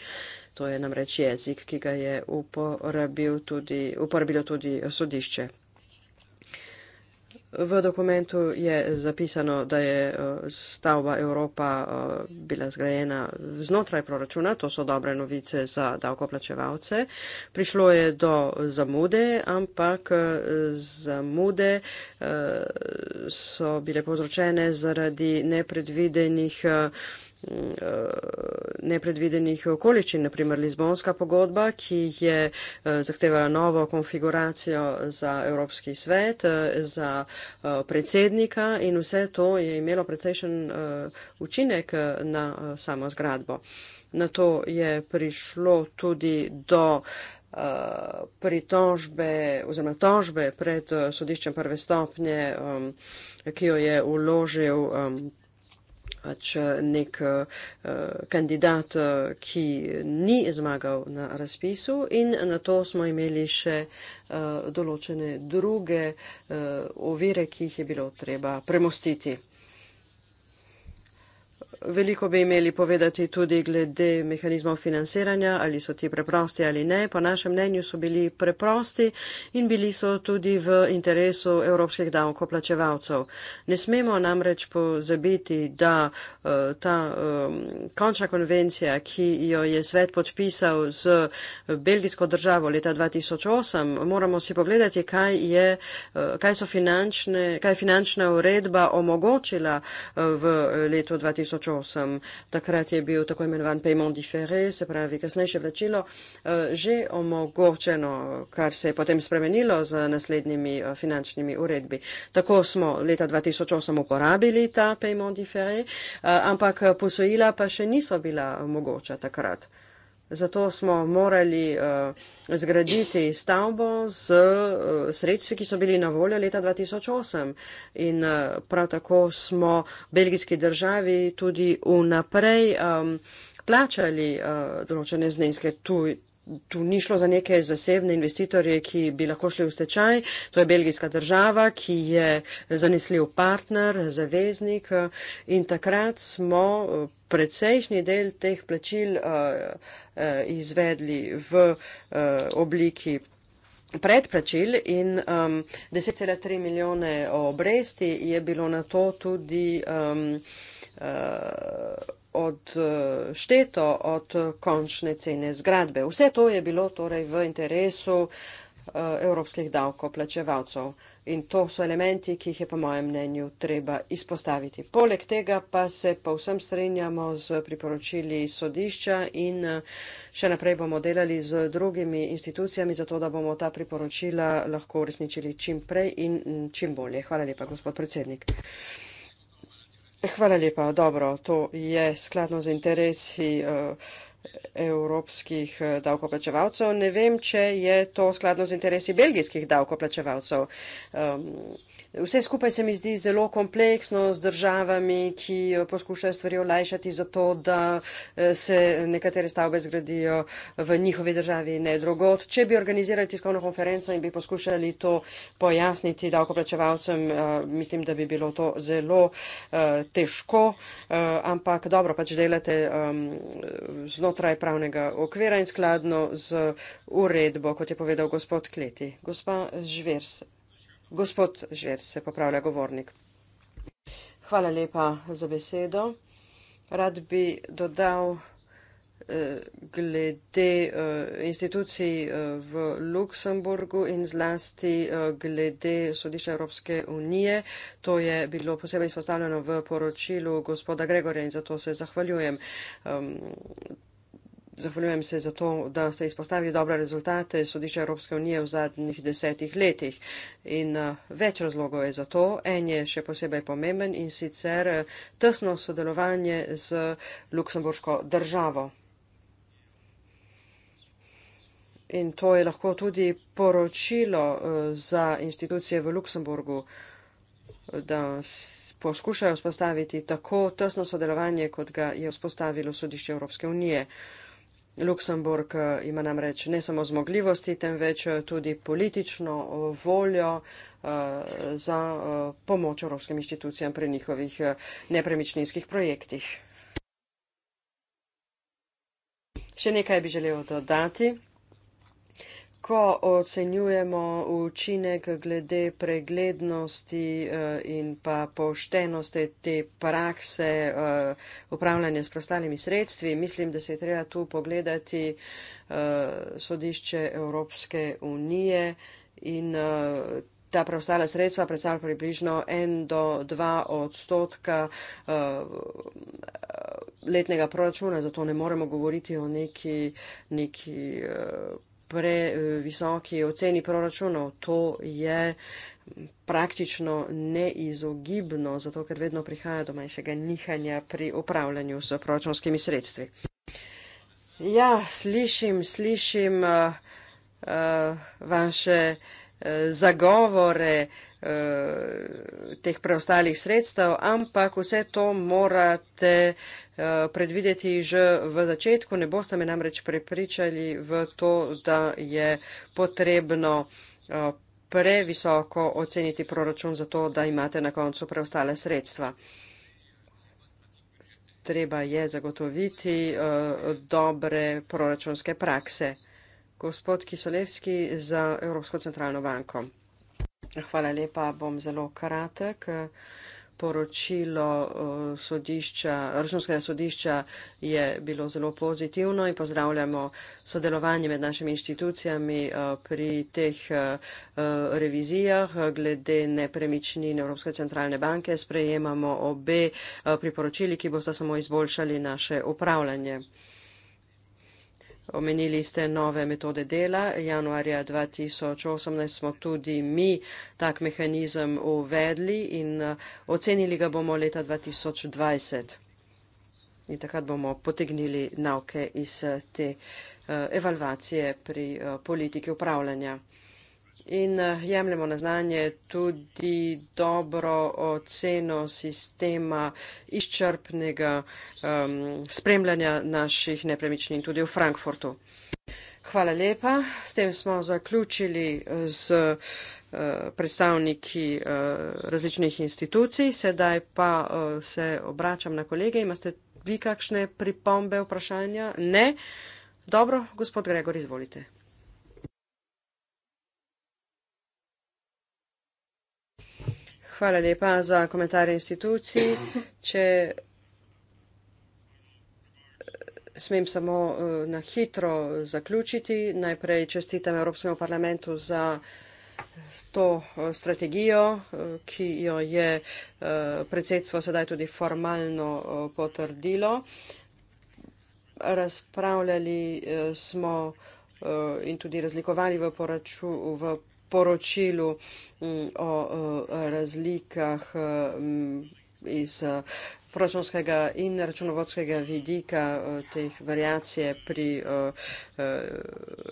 To je namreč jezik, ki ga je uporabil tudi, uporabilo tudi sodišče. V dokumentu je zapisano, da je eh, stavba Evropa eh, bila zgrajena znotraj proračuna. To so dobre novice za davkoplačevalce. Prišlo je do zamude, ampak eh, zamude so bile povzročene zaradi nepredvidenih Eh, nepredvidenih okoliščin, naprimer Lizbonska pogodba, ki je eh, zahtevala novo konfiguracijo za Evropski svet, eh, za predsednika in vse to je imelo precejšen učinek na samo zgradbo. Na to je prišlo tudi do pritožbe oziroma tožbe pred sodiščem prve stopnje, ki jo je uložil pač eh, nek uh, kandidat, ki ni zmagal na razpisu in na to smo imeli še uh, določene druge uh, ovire, ki jih je bilo treba premostiti veliko bi imeli povedati tudi glede mehanizmov financiranja, ali so ti preprosti ali ne. Po našem mnenju so bili preprosti in bili so tudi v interesu evropskih davkoplačevalcev. Ne smemo namreč pozabiti, da uh, ta um, končna konvencija, ki jo je svet podpisal z eh, belgijsko državo leta 2008, moramo si pogledati, kaj je, uh, kaj so finančne, kaj finančna uredba omogočila uh, v letu 2008 plačo. Sem. Takrat je bil tako imenovan payment differé, se pravi kasnejše plačilo, eh, že omogočeno, kar se je potem spremenilo z naslednjimi eh, finančnimi uredbi. Tako smo leta 2008 uporabili ta payment differé, eh, ampak posojila pa še niso bila mogoča takrat. Zato smo morali uh, zgraditi stavbo z uh, sredstvi, ki so bili na voljo leta 2008. In uh, prav tako smo belgijski državi tudi unaprej um, ehm, plačali uh, določene zneske tu ni šlo za neke zasebne investitorje, ki bi lahko šli v stečaj. To je belgijska država, ki je zanesljiv partner, zaveznik eh, in takrat smo eh, precejšnji del teh plačil eh, izvedli v obliki predplačil in um, 10,3 milijone obresti je bilo na to tudi um, uh, odšteto od eh, eh, končne cene zgradbe. Vse to je bilo torej v interesu eh, evropskih davkoplačevalcev. In to so elementi, ki jih je po mojem mnenju treba izpostaviti. Poleg tega pa se povsem strinjamo z priporočili sodišča in še naprej bomo delali z drugimi institucijami, zato da bomo ta priporočila lahko uresničili čim prej in mm, čim bolje. Hvala lepa, gospod predsednik. Hvala lepa. Dobro, to je skladno z interesi uh, evropskih eh, davkoplačevalcev. Ne vem, če je to skladno z interesi belgijskih davkoplačevalcev. Um, Vse skupaj se mi zdi zelo kompleksno z državami, ki poskušajo stvari olajšati zato, da eh, se nekatere stavbe zgradijo v njihovi državi in ne drugot. Če bi organizirali tiskovno konferenco in bi poskušali to pojasniti davkoplačevalcem, eh, mislim, da bi bilo to zelo eh, težko, ampak dobro pač delate znotraj pravnega okvira in skladno z uredbo, kot je povedal gospod Kleti. Gospa Žvers. Gospod Žver, se popravlja govornik. Hvala lepa za besedo. Rad bi dodal eh, glede eh, institucij eh, v Luksemburgu in zlasti glede sodišča Evropske unije. To je bilo posebej izpostavljeno v poročilu gospoda Gregorja in zato se zahvaljujem. Ehm, zahvaljujem se za to, da ste izpostavili dobre rezultate sodišča Evropske unije v zadnjih desetih letih. In eh, več razlogov je za to. En je še posebej pomemben in sicer eh, tesno sodelovanje z Luksemburško državo. In to je lahko tudi poročilo eh, za institucije v Luksemburgu, da poskušajo vzpostaviti tako tesno sodelovanje, kot ga je vzpostavilo sodišče Evropske unije. Luksemburg eh, ima namreč ne samo zmogljivosti, temveč eh, tudi politično eh, voljo za pomoč evropskim inštitucijam pri njihovih nepremičninskih projektih. Še nekaj bi želel dodati ko ocenjujemo učinek glede preglednosti eh, in pa poštenosti te prakse eh, upravljanja s prostalimi sredstvi, mislim, da se je treba tu pogledati eh, sodišče Evropske unije in ta preostala sredstva predstavlja približno 1 do 2 odstotka letnega proračuna, zato ne moremo govoriti o neki, neki previsoki oceni proračunov. To je praktično neizogibno, zato ker vedno prihaja do manjšega nihanja pri upravljanju s proračunskimi sredstvi. Ja, slišim, slišim uh, uh, vaše. Eh, zagovore eh, teh preostalih sredstev, ampak vse to morate eh, predvideti že v začetku. Ne boste me namreč prepričali v to, da je potrebno previsoko oceniti proračun za to, da imate na koncu preostale sredstva. Treba je zagotoviti dobre proračunske prakse gospod Kisolevski za Evropsko centralno banko. Hvala lepa, bom zelo kratek. Poročilo Računskega sodišča je bilo zelo pozitivno in pozdravljamo sodelovanje med našimi inštitucijami pri teh revizijah. Glede nepremičnin Evropske centralne banke sprejemamo obe priporočili, ki bosta samo izboljšali naše upravljanje. Omenili ste nove metode dela. Januarja 2018 smo tudi mi tak mehanizem uvedli in eh, ocenili ga bomo leta 2020. In takrat bomo potegnili nauke iz te eh, evalvacije pri eh, politiki upravljanja. In eh, jemljemo na znanje tudi dobro oceno sistema izčrpnega um, spremljanja naših nepremičnin tudi v Frankfurtu. Hvala lepa. S tem smo zaključili z eh, predstavniki eh, različnih institucij. Sedaj pa se obračam na kolege. Imate vi kakšne pripombe, vprašanja? Ne. Dobro, gospod Gregor, izvolite. Hvala lepa za komentarje institucij. Če smem samo eh, na hitro zaključiti, najprej čestitam Evropskemu parlamentu za to eh, strategijo, eh, ki jo je predsedstvo sedaj tudi formalno potrdilo. Razpravljali smo in tudi razlikovali v, poraču, v poročilu mm, o razlikah mm, iz eh, proračunskega in računovodskega vidika eh, teh variacije pri eh,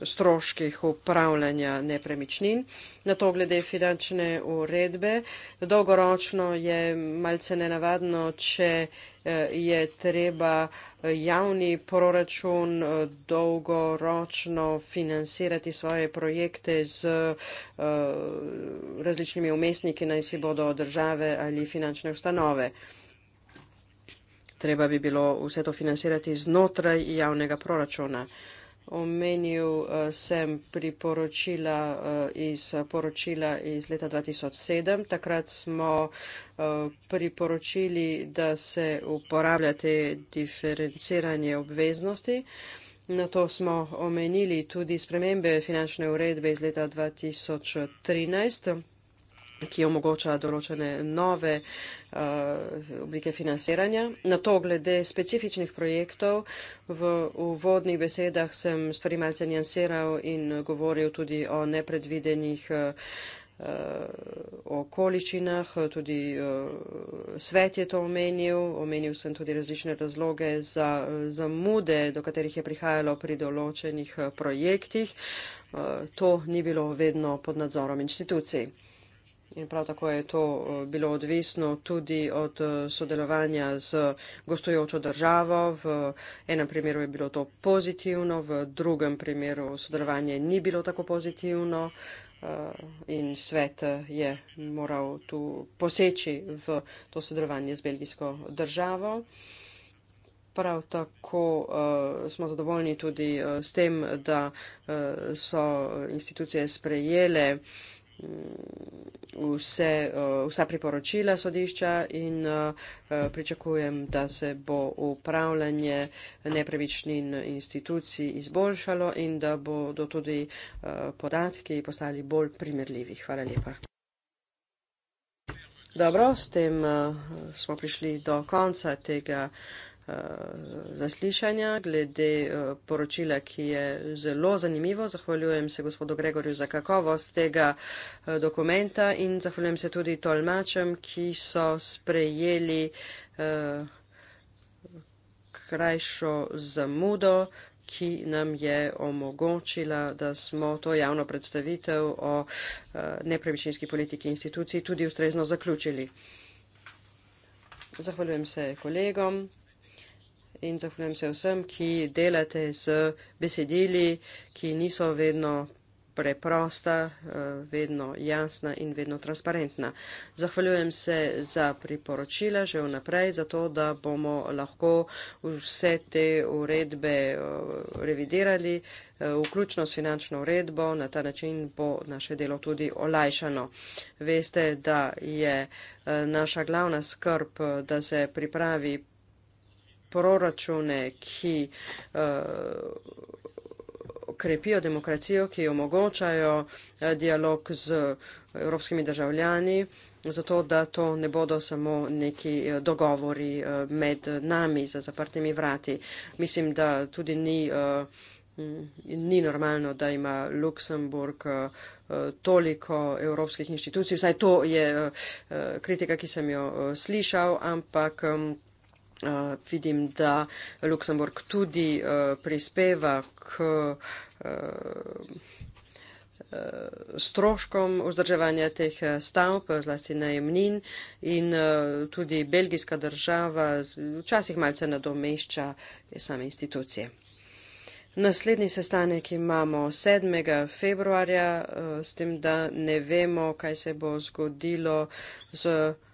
stroških upravljanja nepremičnin. Na to glede finančne uredbe. Dolgoročno je malce nenavadno, če je treba javni proračun eh, dolgoročno financirati svoje projekte z eh, različnimi umestniki, naj si bodo države ali finančne ustanove. Treba bi bilo vse to financirati znotraj javnega proračuna. Omenil eh, sem priporočila eh, iz poročila iz leta 2007. Takrat smo eh, priporočili, da se uporablja te diferenciranje obveznosti. Na to smo omenili tudi spremembe finančne uredbe iz leta 2013, ki omogoča določene nove uh, Eh, oblike financiranja. Na to glede specifičnih projektov v uvodnih besedah sem stvari malce njanseral in govoril tudi o nepredvidenih o eh, eh, okoliščinah, tudi svet je to omenil, omenil sem tudi različne razloge za zamude, do katerih je prihajalo pri določenih projektih. To ni bilo vedno pod nadzorom inštitucij. In prav tako je to eh, bilo odvisno tudi od eh, sodelovanja z gostujočo državo. V enem primeru je bilo to pozitivno, v drugem primeru sodelovanje ni bilo tako pozitivno eh, in svet je moral tu poseči v to sodelovanje z belgijsko državo. Prav tako uh, smo zadovoljni tudi uh, s tem, da uh, so institucije sprejele uh, vse, eh, vsa priporočila sodišča in eh, eh, pričakujem, da se bo upravljanje nepremičnin institucij izboljšalo in da bodo tudi podatki postali bolj primerljivi. Hvala lepa. Dobro, s tem smo prišli do konca tega zaslišanja, glede eh, poročila, ki je zelo zanimivo. Zahvaljujem se gospodu Gregorju za kakovost tega eh, dokumenta in zahvaljujem se tudi tolmačem, ki so sprejeli eh, krajšo zamudo, ki nam je omogočila, da smo to javno predstavitev o nepremičninski politiki instituciji tudi ustrezno zaključili. Zahvaljujem se kolegom in zahvaljujem se vsem, ki delate z besedili, ki niso vedno preprosta, eh, vedno jasna in vedno transparentna. Zahvaljujem se za priporočila že vnaprej, zato da bomo lahko vse te uredbe eh, revidirali, eh, vključno s finančno uredbo, na ta način bo naše delo tudi olajšano. Veste, da je naša glavna skrb, da se pripravi proračune, ki eh, krepijo demokracijo, ki omogočajo eh, dialog z eh, evropskimi državljani, zato da to ne bodo samo neki dogovori med nami za zaprtimi vrati. Mislim, da tudi ni, ni normalno, da ima Luksemburg toliko evropskih inštitucij. Vsaj to je kritika, ki sem jo slišal, ampak. Uh, vidim, da Luksemburg tudi uh, prispeva k uh, uh, stroškom vzdrževanja teh stavb, zlasti najemnin in uh, tudi belgijska država včasih malce nadomešča same institucije. Naslednji sestanek imamo 7. februarja, uh, s tem, da ne vemo, kaj se bo zgodilo z. Uh,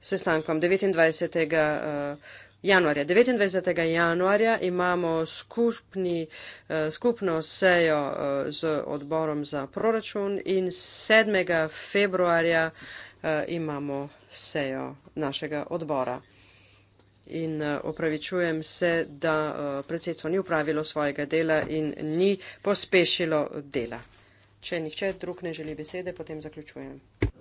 sestankom 29. Eh, januarja. 29. januarja imamo skupni, eh, skupno sejo eh, z odborom za proračun in 7. februarja imamo sejo našega odbora. In opravičujem se, da predsedstvo ni upravilo svojega dela in ni pospešilo dela. Če nihče drug ne želi besede, potem zaključujem.